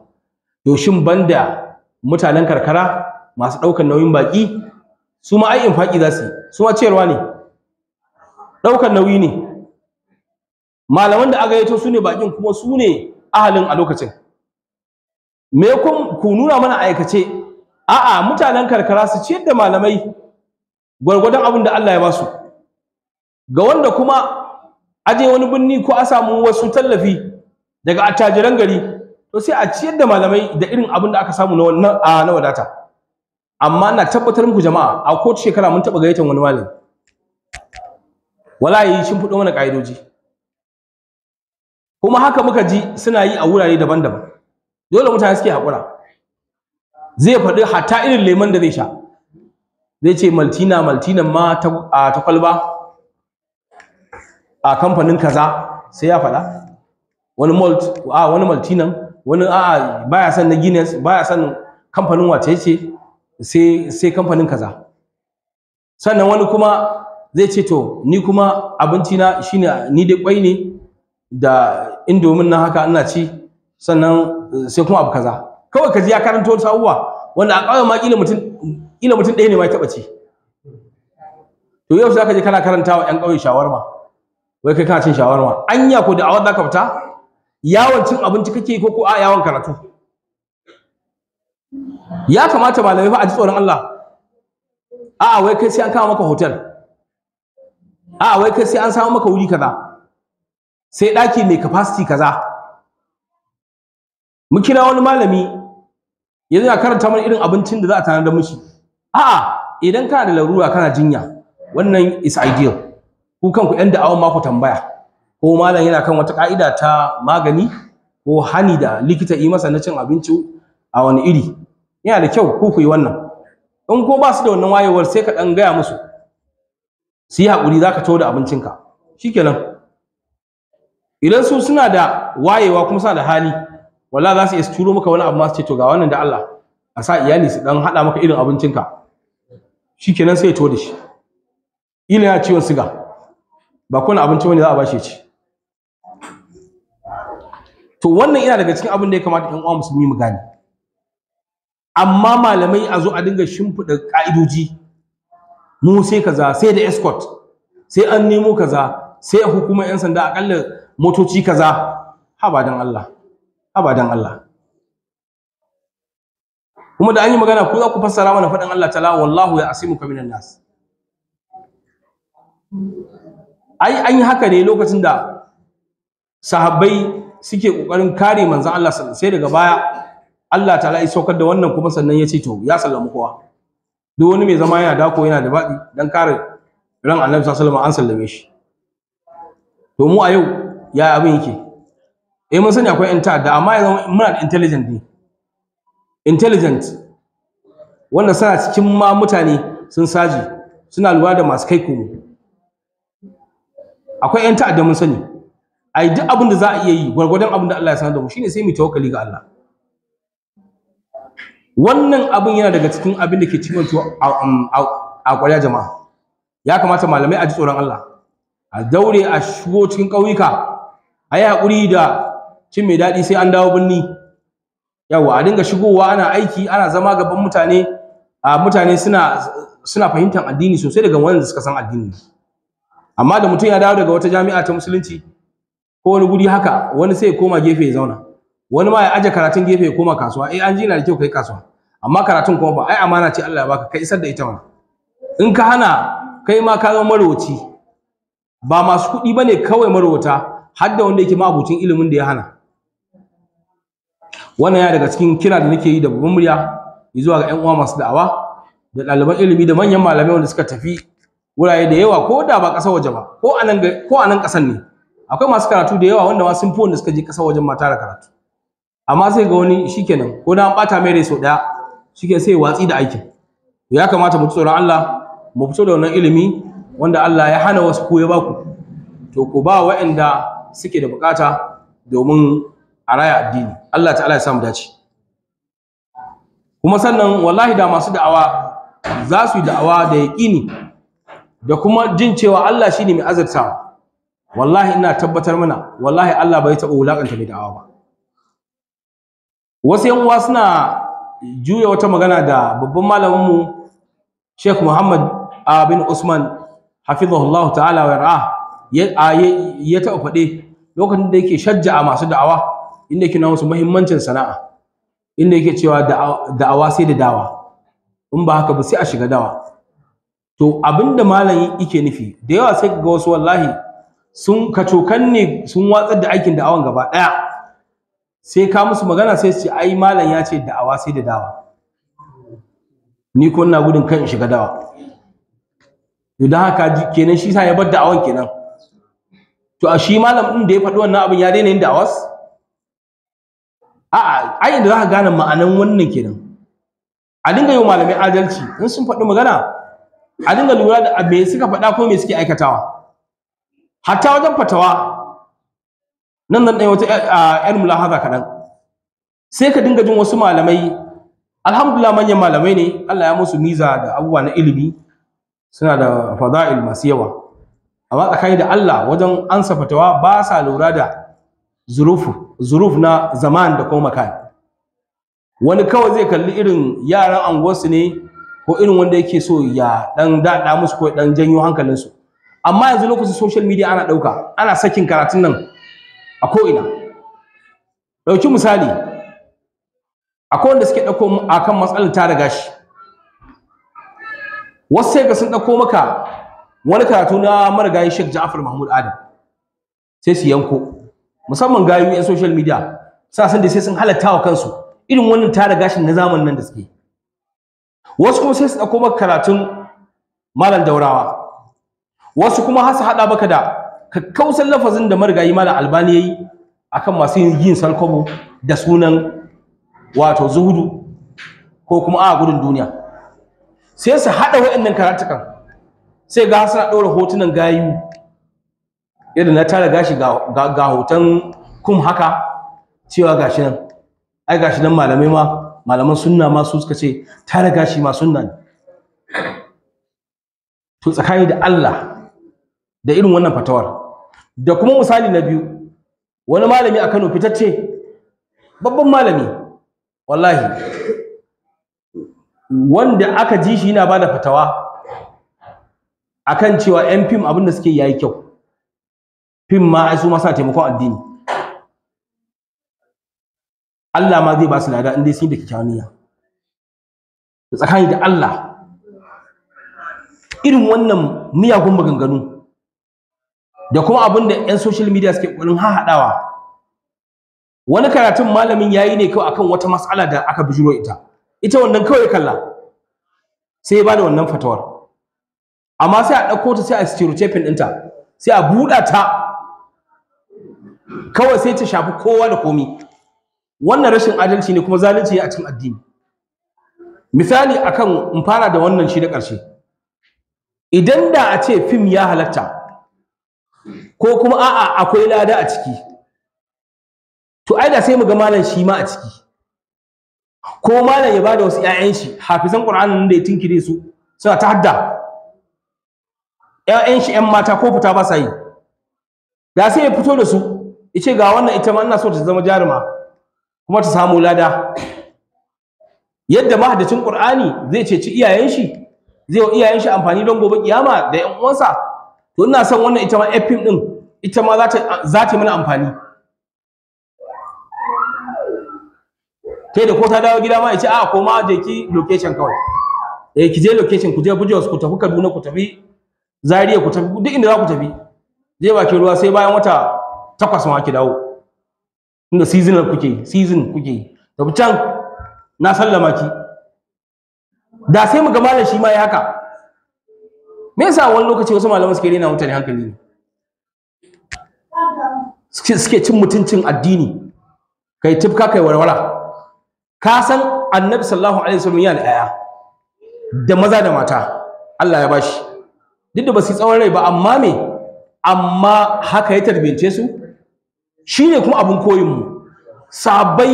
to shin banda mutanen karkara masu ɗaukar nauyin baki su ma ai infaki za su yi su ma ciyarwa ne ɗaukar nauyi ne malaman da aka yato su ne bakin kuma sune ahalin a lokacin me kun ku nuna mana aikace a'a mutanen karkara su ciyar da malamai gwargwadon abin da Allah ya ba su ga wanda kuma aje wani birni ko a samu wasu tallafi daga attajiran gari to sai a ciyar da malamai da irin abin da aka samu na wannan a na wadata amma ina tabbatar muku jama'a a kowace shekara mun taɓa gayyatar wani malami wallahi shin fudo mana ka'idoji kuma haka muka ji suna yi a wurare daban-daban dole mutane suke haƙura zai faɗi hatta irin lemon da zai sha zai ce maltina maltina ma a takwalba a kamfanin kaza sai ya faɗa wani malt a wani maltinan wani a'a baya son na guinness baya son kamfanin wace ce sai sai kamfanin kaza sannan wani kuma zai ce to ni kuma abinci na shine ni dai kwai ne da indomin nan haka ina ci sannan eh, sai kuma abu kaza kawai kaji ya karanta wata abubuwa wanda a ƙauyen ma ila mutum ƙila mutum ɗaya ne ma ya taɓa ci to yau za ka je kana karanta wa 'yan ƙauye shawarma wai kai kana cin shawarma anya ko da awar za ka fita yawon cin abinci kake ko ko a yawon karatu ya kamata malamai fa a ji tsoron Allah a'a wai kai sai an kama maka hotel a'a wai kai sai an samu maka wuri kaza sai ɗaki mai capacity kaza mu kira wani malami yanzu ya karanta mana irin abincin da za a tanadar mishi a'a idan kana da larura kana jinya wannan is ideal ku kanku yan da'awan ma ku tambaya ko malam yana kan wata ka'ida ta magani ko hani da likita yi masa na cin abinci a wani iri yana da kyau ku ku yi wannan in ko ba su da wannan wayewar sai ka ɗan gaya musu su yi haƙuri za ka da abincinka shikenan idan su suna da wayewa kuma suna da hali walla za su iya turo maka wani abu masu ce to ga wannan da Allah a sa iyali su dan hada maka irin abincinka kenan sai ya to da shi ila ya ciwon siga ba kuna abinci wani za a bashi ci to wannan ina daga cikin abin da ya kamata ɗan uwa musulmi mu gane amma malamai a zo a dinga shimfiɗa ƙa'idoji mu sai kaza sai da escort sai an nemo kaza sai hukumar 'yan sanda akalla motoci kaza abadan Allah abadan Allah kuma da an yi magana ku za ku fassara mana faɗin Allah ta'ala wallahu ya asimuka minan nas ai an yi haka ne lokacin da sahabbai suke kokarin kare manzon Allah sai daga baya Allah ta'ala ya saukar da wannan kuma sannan ya ce to ya sallamu kowa duk wani mai zama yana dako yana da baɗi don kare ran annabi sallallahu alaihi wasallam an sallame shi to mu a yau ya abin yake eh mun sani akwai 'yan da amma yanzu muna da intelligent ne intelligent wanda suna cikin ma mutane sun saji suna lura da masu kai komo akwai 'yan da mun sani ai duk abin da za a iya yi gwargwadon abin da Allah ya sanar da mu shine sai mu tawakkali ga Allah wannan abin yana daga cikin abin da ke cikin cimantu um, a ƙwarya jama'a ya kamata malamai a ji tsoron Allah a daure a shigo cikin ƙauyuka a yi haƙuri da cin mai daɗi sai an dawo birni yawa a dinga shigowa ana aiki ana zama gaban mutane a mutane suna suna fahimtar addini sosai daga wanda suka san addini amma da mutum ya dawo daga wata jami'a ta musulunci ko wani guri haka wani sai ya koma gefe ya zauna wani ma ya aje karatun gefe ya koma kasuwa eh an jina da kyau kai kasuwa amma karatun kuma ba ai amana ce Allah ya baka kai isar da ita ma. in ka hana kai ma ka zama marwaci ba masu kuɗi bane kawai marowata har da wanda yake ma'abucin ilimin da ya hana wannan ya daga cikin kira da nake yi da babban murya zuwa ga 'yan uwa masu da'awa da ɗaliban ilimi da manyan malamai wanda suka tafi wurare da yawa ko da ba ƙasa waje ba ko a nan ƙasan ne akwai masu karatu da yawa wanda ma sun fi wanda suka je ƙasa wajen ma tara karatu amma sai ga wani shikenan ko da an ɓata mai rai sau ɗaya shike sai watsi da aikin ya kamata mu tsoron Allah mu fito da wannan ilimi wanda Allah ya hana wasu ko ya ku to ku ba wa'anda suke da bukata domin a raya addini Allah ta'ala ya samu dace kuma sannan wallahi da masu da'awa za su yi da'awa da yaƙini da kuma jin cewa Allah shine mai azarta. wallahi ina tabbatar mana wallahi Allah bai taɓa wulaƙanta mai da'awa ba wasu yan uwa suna juya wata magana da babban mu Sheikh Muhammad bin Usman hafizahullahu ta'ala wa yar'ah ya taɓa faɗe lokacin da yake shajja'a masu da'awa inda yake na musu muhimmancin sana'a inda yake cewa da'awa sai da dawa in ba haka ba sai a shiga dawa to abinda malam yake nufi da yawa sai ga wasu wallahi sun kacokan ne sun watsar da aikin da'awan gaba ɗaya sai ka musu magana sai ce ai malam ya ce da'awa sai da dawa ni ko ina gudun kan in shiga dawa to don haka kenan shi sa ya bar da'awan kenan to a shi malam din da ya faɗi wannan abin ya daina yin da'awas a'a ai inda za ka gane ma'anan wannan kenan a dinga yi malamai adalci in sun faɗi magana a dinga lura da me suka faɗa ko me suke aikatawa hatta wajen fatawa nan nan ɗaya wata ƴar mulahaza kaɗan sai ka dinga jin wasu malamai alhamdulillah manyan malamai ne Allah ya musu niza da abubuwa na ilimi suna da fada'il masu yawa amma tsakani da Allah wajen ansa fatawa ba sa lura da zurufu zuruf na zaman da kuma makan wani kawai zai kalli irin yaran anguwarsu ne ko irin wanda yake so ya dan daɗa musu ko dan janyo hankalinsu amma yanzu lokacin social media ana ɗauka ana sakin karatun nan a ko'ina ɗauki misali akwai wanda suke ɗauko akan matsalar ta da gashi wasu sai ga sun ɗauko maka wani karatu na marigayi Sheikh Ja'far Mahmud Adam sai su yanko musamman gayu yan social media sa san da sai sun halatta wa kansu irin wannan tara gashin na zamanin nan da suke wasu kuma sai su dauko maka karatun malam daurawa wasu kuma har su hada maka da kakkausan lafazin da marigayi malam albani yayi akan masu yin salkobo da sunan wato zuhudu ko kuma a gudun duniya sai su hada waɗannan karatukan sai ga suna ɗora hotunan gayu yadda na tara gashi ga hoton kum haka cewa gashi nan ai gashi nan malamai ma malaman sunna ma su suka ce tara gashi ma sunna ne to tsakani da Allah da irin wannan fatawar da kuma misali na biyu wani malami a Kano fitacce babban malami wallahi wanda aka ji shi yana bada fatawa akan cewa yan fim abin da suke yayi kyau fim ma ai su ma sa taimakon addini Allah ma zai ba su lada in dai sun da kyakkyawan niyya da tsakani da Allah irin wannan miyagun maganganu da kuma abinda yan social media suke ƙoƙarin hahaɗawa wani karatun malamin ya yi ne kawai akan wata mas'ala da aka bijiro ita ita wannan kawai kalla sai ya bada wannan fatawar amma sai a ɗauko ta sai a stereotyping ɗinta sai a buɗa ta kawai sai ta shafi kowa da komi wannan rashin adalci ne kuma zalunci ne a cikin addini misali akan in fara da wannan shi da ƙarshe idan da a ce fim ya halatta ko kuma a'a akwai lada a ciki to ai da sai mu ga malam shi ma a ciki ko malam ya bada wasu 'ya'yan shi hafizan qur'anin da ya tinkire su suna ta hadda ƴaƴan shi ƴan mata ko fita ba sa yi da sai ya fito da su yace ga wannan ita ma ina so ta zama jaruma kuma ta samu lada yadda mahaddacin Qur'ani zai ceci iyayen shi zai wa iyayen shi amfani don gobe kiyama da ƴan uwansa to ina son wannan ita ma fim din ita ma za ta za ta mana amfani kai da ko ta dawo gida ma ya ce a ko ma je ki location kawai eh ki je location ku je Bujos ku tafi Kaduna ku tafi zariya ku tafi duk inda za ku tafi Zai baki ruwa sai bayan wata takwas ma ki dawo inda seasonal kuke season kuke to can na sallama ki da sai mu ga malam shi ma ya haka me yasa wani lokaci wasu malaman suke rena mutane hankali ne suke cin mutuncin addini kai tifka kai warwara ka san annabi sallallahu alaihi wasallam yana da da maza da mata Allah ya bashi duk da ba su yi tsawon rai ba amma me amma haka ya tarbince su shi ne kuma abin koyinmu sabai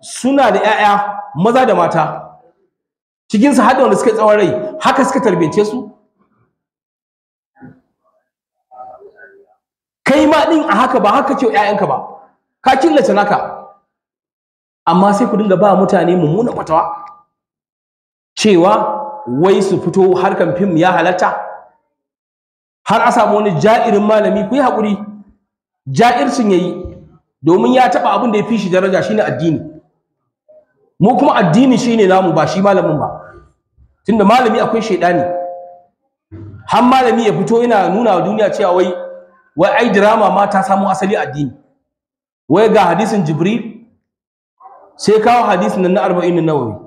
suna da 'ya'ya maza da mata cikin su wanda suka yi tsawon rai haka suka tarbince su kai ma ɗin a haka ba haka ce 'ya'yanka ba ka killace naka amma sai ku dinga ba mutane mummunan fatawa cewa wai su fito harkan fim ya halatta har a samu wani ja'irin malami ku yi haƙuri ja'ir ya yi domin ya taɓa abin da ya fi shi daraja shine addini mu kuma addini shine namu ba shi malamin ba tunda malami akwai ne. har malami ya fito yana nuna wa duniya cewa wai wai ai drama ma ta samu asali addini wai ga hadisin jibril sai kawo hadisin nan na arba'in nawawi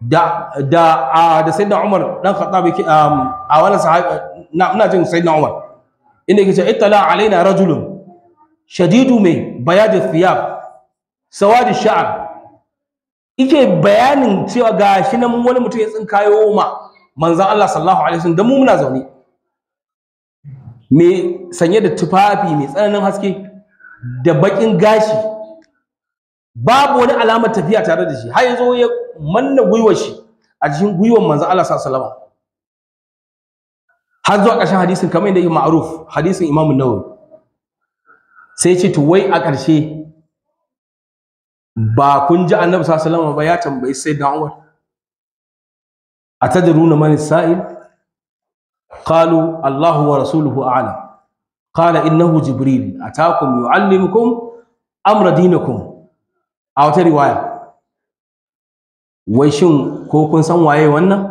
da da a da sayyidina Umar dan Khattab yake um, a wani sahabi na ina jin sayyidina Umar inda yake cewa ittala alaina rajulun shadidu mai bayadu thiyab sawadi sha'r yake bayanin cewa gashi nan wani mutum ya tsinkayo ma manzon Allah sallallahu alaihi wasallam dan mu muna zaune mai sanye da tufafi mai tsananin haske da bakin gashi babu wani alamar tafiya tare da shi har yanzu manna gwiwar shi a cikin gwiwar manzo Allah sallallahu alaihi wasallam har zuwa ƙarshen hadisin kamar yadda ma'ruf hadisin Imam Nawawi sai ce to wai a ƙarshe ba kun ji Annabi sallallahu alaihi wasallam ba ya tambayi da Umar atadruna man sa'il qalu Allahu wa rasuluhu a'lam taku jibril جبريل yu'allimukum amra dinakum A wata riwaya. wai shin ko kun san waye wannan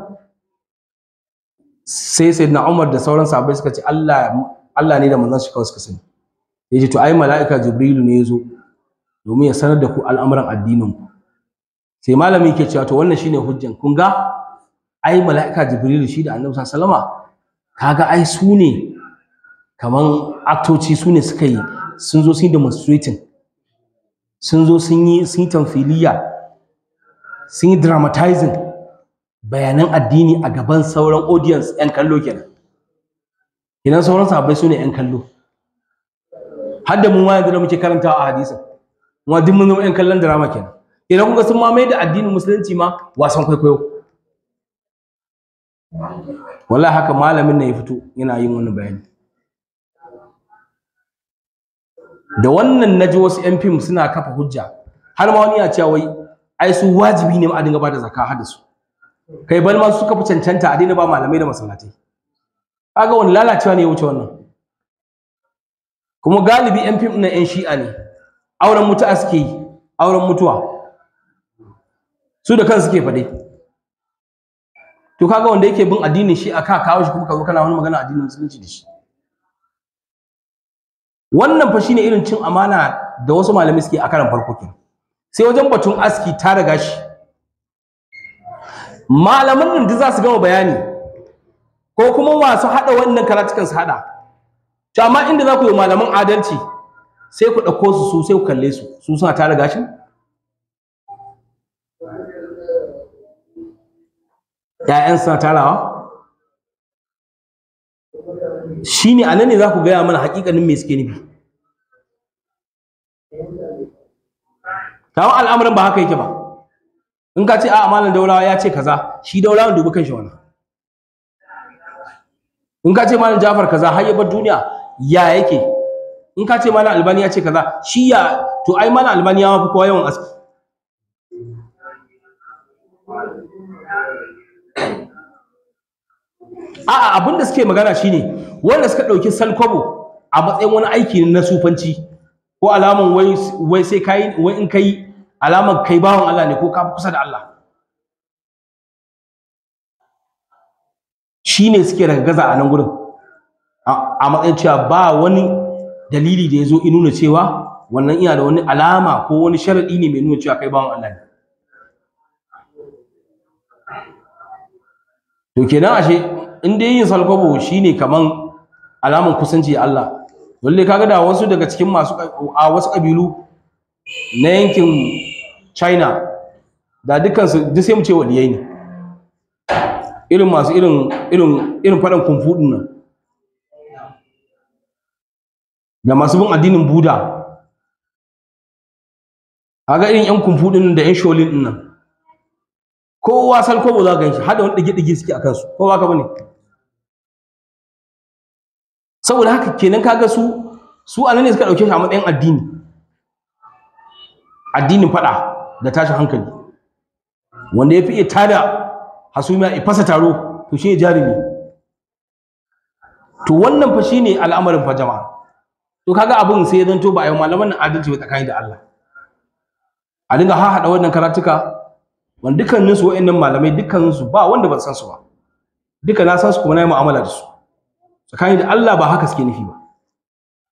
sai sai na umar da sauran sahabbai suka ce Allah Allah ne da manzon shi kawai suka sani ya ce to ai mala'ika jibrilu ne ya domin ya sanar da ku al'amuran addinin ku sai malami ke cewa to wannan shine hujjan kun ga ai mala'ika jibrilu shi da annabi sallama kaga ai su ne kaman aktoci su ne suka yi sun zo sun yi demonstrating sun zo sun yi sun yi tamfiliya sun yi dramatizing bayanan addini a gaban sauran audience 'yan kallo kenan idan sauran sabai su ne 'yan kallo har da mun ma yanzu da muke karantawa a hadisin kuma duk mun zama 'yan kallon drama kenan idan kuka sun ma mai da addinin musulunci ma wasan kwaikwayo wallahi haka malamin na ya fito yana yin wani bayani da wannan naji wasu 'yan fim suna kafa hujja har ma wani ya ce wai ai su wajibi ne a dinga ba da zakka har da su kai bal ma suka fi cancanta a dinga ba malamai da masallatai kaga wani lalacewa ne ya wuce wannan kuma galibi yan fim na yan shi'a ne auren mutuwa suke yi auren mutuwa su da kansu suke faɗi to kaga wanda yake bin addinin shi a ka kawo shi kuma ka zo kana wani magana addinin musulunci da shi wannan fa shine irin cin amana da wasu malamai suke a karan farko kenan sai wajen batun aski ta riga shi malaman nan duk za su gama bayani ko kuma masu haɗa wannan karatukan su haɗa to amma inda za ku yi malaman adalci sai ku ɗauko su su sai ku kalle su su suna tare gashin ‘ya'yan suna tarawa shi ne ne za ku gaya mana haƙiƙanin me suke nufi tawo al'amarin ba haka yake ba in ka ce a malam daulawa ya ce kaza shi daulawan dubi shi wani in ka ce malam jafar kaza har ya bar duniya ya yake in ka ce malam albani ya ce kaza shi ya to ai malam albani ya mafi kowa yawan aski a'a abin da suke magana shine wanda suka ɗauki salkwabo a matsayin wani aiki na sufanci ko alaman wai sai kayi wai in kai alamar kai bawan Allah ne ko ka kusa da Allah shi ne suke rangaza a nan gudun a matsayin cewa ba wani dalili da ya zo in nuna cewa wannan iya da wani alama ko wani sharaɗi ne mai nuna cewa kai bawan Allah ne to kenan ashe in dai yin salkwabo ne kaman alaman kusanci da Allah lalle kaga da wasu daga cikin masu a wasu ƙabilu na yankin china da dukansu duk sai mu ce waliyai ne irin masu irin irin irin faɗan kumfuɗin nan da masu bin addinin buda ga irin yan kumfuɗin da yan sholin ɗin nan kowa sal ko za ka ganshi hada wani digi-digi suke a kansu kowa ka bane saboda haka kenan kaga su su anan ne suka ɗauke shi a matsayin addini addinin faɗa da tashin hankali wanda ya fi iya tada hasumiya ya fasa taro to shi jarumi to wannan fa shine al'amarin fa jama'a to kaga abun sai ya zanto ba ai malaman nan adalci ba tsakani da Allah a dinga hada wannan karatuka wanda dukkaninsu wa'annan malamai dukkaninsu ba wanda ban san su ba duka na san su kuma na yi mu'amala da su tsakani da Allah ba haka suke nufi ba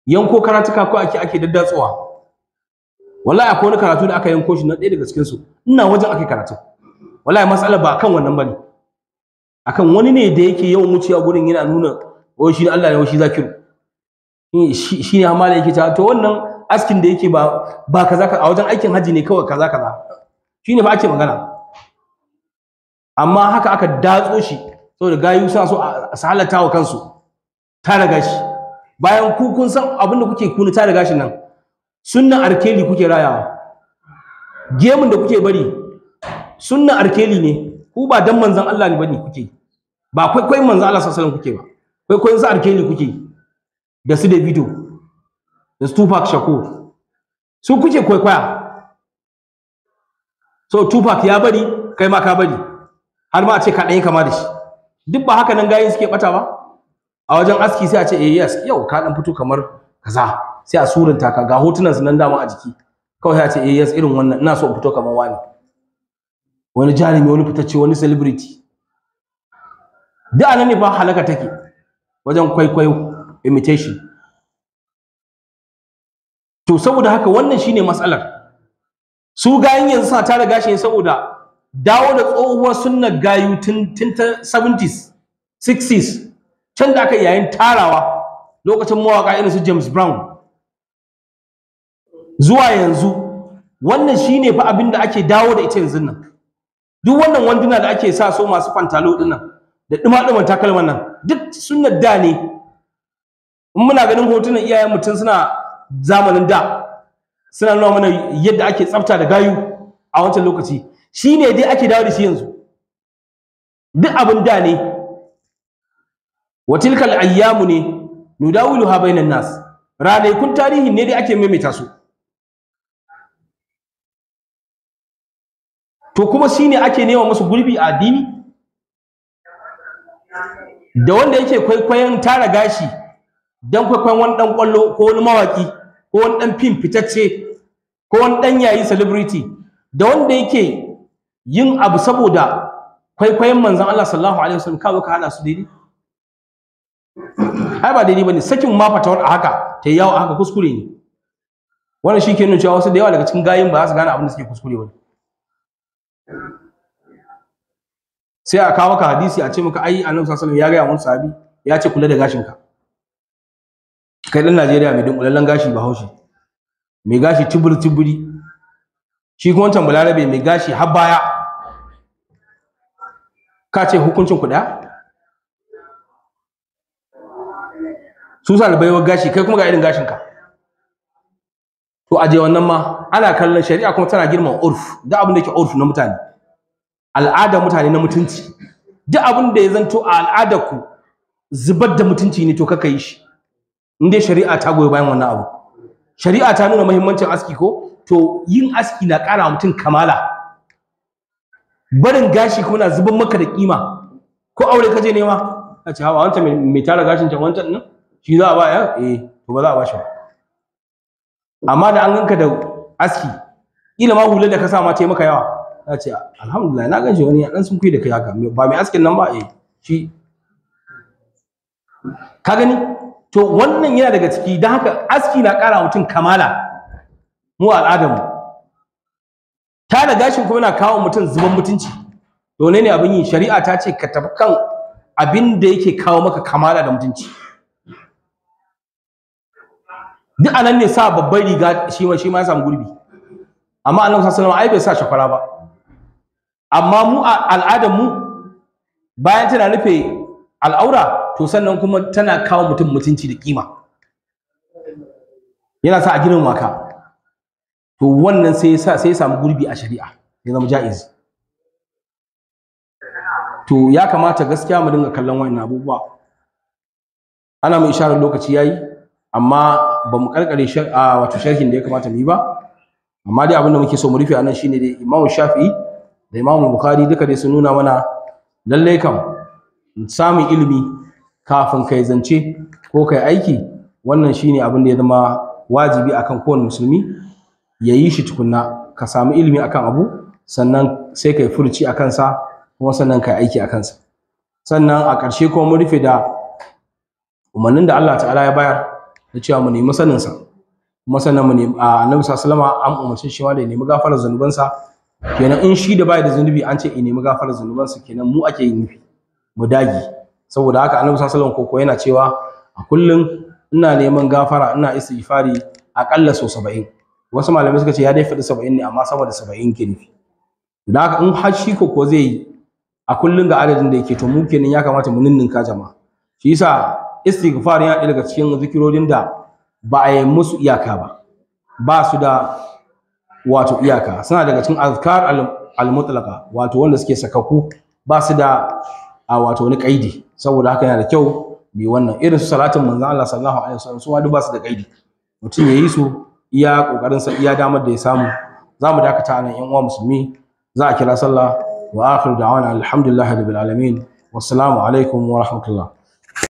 yanko karatuka ko ake ake daddatsuwa wallahi akwai wani karatu da aka yanko shi na ɗaya daga cikin su ina wajen ake karatun wallahi matsalar ba akan wannan bane akan wani ne da yake yawan wucewa gurin yana nuna wai shi Allah ne wai shi zakiru shi ne amma da yake cewa to wannan askin da yake ba ba kaza a wajen aikin haji ne kawai kaza kaza Shi ne fa ake magana amma haka aka datso shi saboda gayu suna so a sahalata wa kansu ta riga shi bayan ku kun san abin da kuke kuna ta riga shi nan sunna arkeli kuke rayawa gemun da kuke bari sunna arkeli ne ku ba dan manzon Allah ne bane kuke ba kai kai manzon Allah sallallahu alaihi wasallam kuke ba kai kai su arkeli kuke da su da video da Tupac Shakur su kuke kwaikwaya so Tupac ya bari kai ma ka bari har ma a ce ka ɗan kama da shi duk ba haka nan gayin suke bata ba a wajen aski sai a ce eh yes yau ka dan fito kamar kaza sai a surin ka ga hotunan su nan dama a jiki kawai ya ce eh yes irin wannan ina so in fito kamar wani wani jarumi wani fitacce wani celebrity duk anan ne ba halaka take wajen kwaikwayo imitation to saboda haka wannan shine matsalar su gayin yanzu sa gashi ne saboda dawo da tsohuwar sunna gayu tun tun ta 70s 60s can da aka yayin tarawa lokacin mawaka irin su James Brown zuwa yanzu wannan shine fa abin da ake dawo da ita yanzu nan duk wannan wanduna da ake sa so masu fantalo din nan da duma-duman takalman nan duk sunnar da ne in muna ganin hotunan iyayen mutum suna zamanin da suna nuna mana yadda ake tsafta da gayu a wancan lokaci shine dai ake dawo da shi yanzu duk abin da ne watilkal ayyamu ne nudawiluha bainan nas kun tarihi ne dai ake maimaita su to kuma shine ake nema musu gurbi a addini da wanda yake kwaikwayon tara gashi dan kwaikwayon wani dan kwallo ko wani mawaki ko wani dan fim fitacce ko wani dan yayi celebrity da wanda yake yin abu saboda kwaikwayon manzon Allah sallallahu alaihi wasallam kawo ka hada su daidai ai ba daidai bane sakin ma fatawar a haka ta yawo a haka kuskure ne wannan shi ke nuna cewa wasu da yawa daga cikin gayin ba za su gane abin da suke kuskure ne? sai a kawo maka hadisi a ce maka ai annabi sallallahu ya gaya wani sahabi ya ce kula da gashinka kai dan Najeriya mai dunkulallen gashi ba haushi mai gashi tubul tuburi shi kuma wancan balarabe mai gashi har baya ka ce hukuncin ku daya su salibai gashi kai kuma ga irin gashinka to aje wannan ma ana kallon shari'a kuma tana girma urf duk abin da yake urf na mutane al'ada mutane na mutunci duk abin da ya zanto a al'ada ku zubar da mutunci ne to kaka yi shi in dai shari'a ta goyi bayan wannan abu shari'a ta nuna muhimmancin aski ko to yin aski na ƙara mutum kamala barin gashi kuma na zubar maka da kima ko aure kaje nema a ce hawa wancan mai tara gashin can wancan nan shi za a ba ya eh to ba za a ba shi ba amma da an ganka da aski kila ma da ka sa ma ta maka yawa na ce alhamdulillah na ganshi wani dan sun kuyi da kai haka ba mai askin nan ba eh shi ka gani to wannan yana daga ciki dan haka aski na kara mutum kamala mu Ta da gashin kuma na kawo mutum zuban mutunci dole ne abin yi shari'a ta ce ka tafi kan abin da yake kawo maka kamala da mutunci duk anan ne sa babban riga shi ma shi ma ya samu gurbi amma Allah sa sallama ai bai sa shakwara ba amma mu al'adar mu bayan tana nufe al'aura to sannan kuma tana kawo mutum mutunci da kima yana sa a girin waka to wannan sai ya sai ya samu gurbi a shari'a ya zama ja'iz to ya kamata gaskiya mu dinga kallon wannan abubuwa ana mai isharar lokaci yayi amma ba mu karkare wato sharhin da ya kamata mu yi ba amma dai abinda muke so mu rufe anan shine dai Imam Shafi'i da Imam Bukhari duka dai sun nuna mana lalle kam samun ilimi kafin kai zance ko kai aiki wannan shine abin da ya zama wajibi akan kowane musulmi ya yi shi tukunna ka samu ilimi akan abu sannan sai kai furuci akan sa kuma sannan kai aiki akan sa sannan a ƙarshe kuma mun rufe da umarnin da Allah ta'ala ya bayar da cewa mu nemi saninsa kuma sannan mu ne a annabi sallama an umarci shi ma da ya nemi gafarar zunubansa kenan in shi da bai da zunubi an ce ya nemi gafarar sa, kenan mu ake yin nufi mu dagi saboda haka annabi sallallahu alaihi wasallam yana cewa a kullum ina neman gafara ina istighfari akalla so saba'in, wasu malamai suka ce ya dai faɗi 70 ne amma sama da saba'in ke nufi don haka in har shi ko zai yi a kullum ga adadin da yake to mu kenan ya kamata mu ninninka jama'a shi yasa istighfar ya daga cikin zikirorin da ba a yi musu iyaka ba ba su da wato iyaka suna daga cikin azkar al-mutlaqa wato wanda suke sakaku ba su da a wato wani kaidi saboda haka yana da kyau bi wannan irin su salatin manzon Allah sallallahu alaihi wasallam su wadu ba su da kaidi mutum ya yi su iya kokarin sa iya damar da ya samu zamu dakata nan yan uwa musulmi za a kira sallah wa akhiru da'wana alhamdulillahi rabbil alamin wassalamu alaikum wa rahmatullah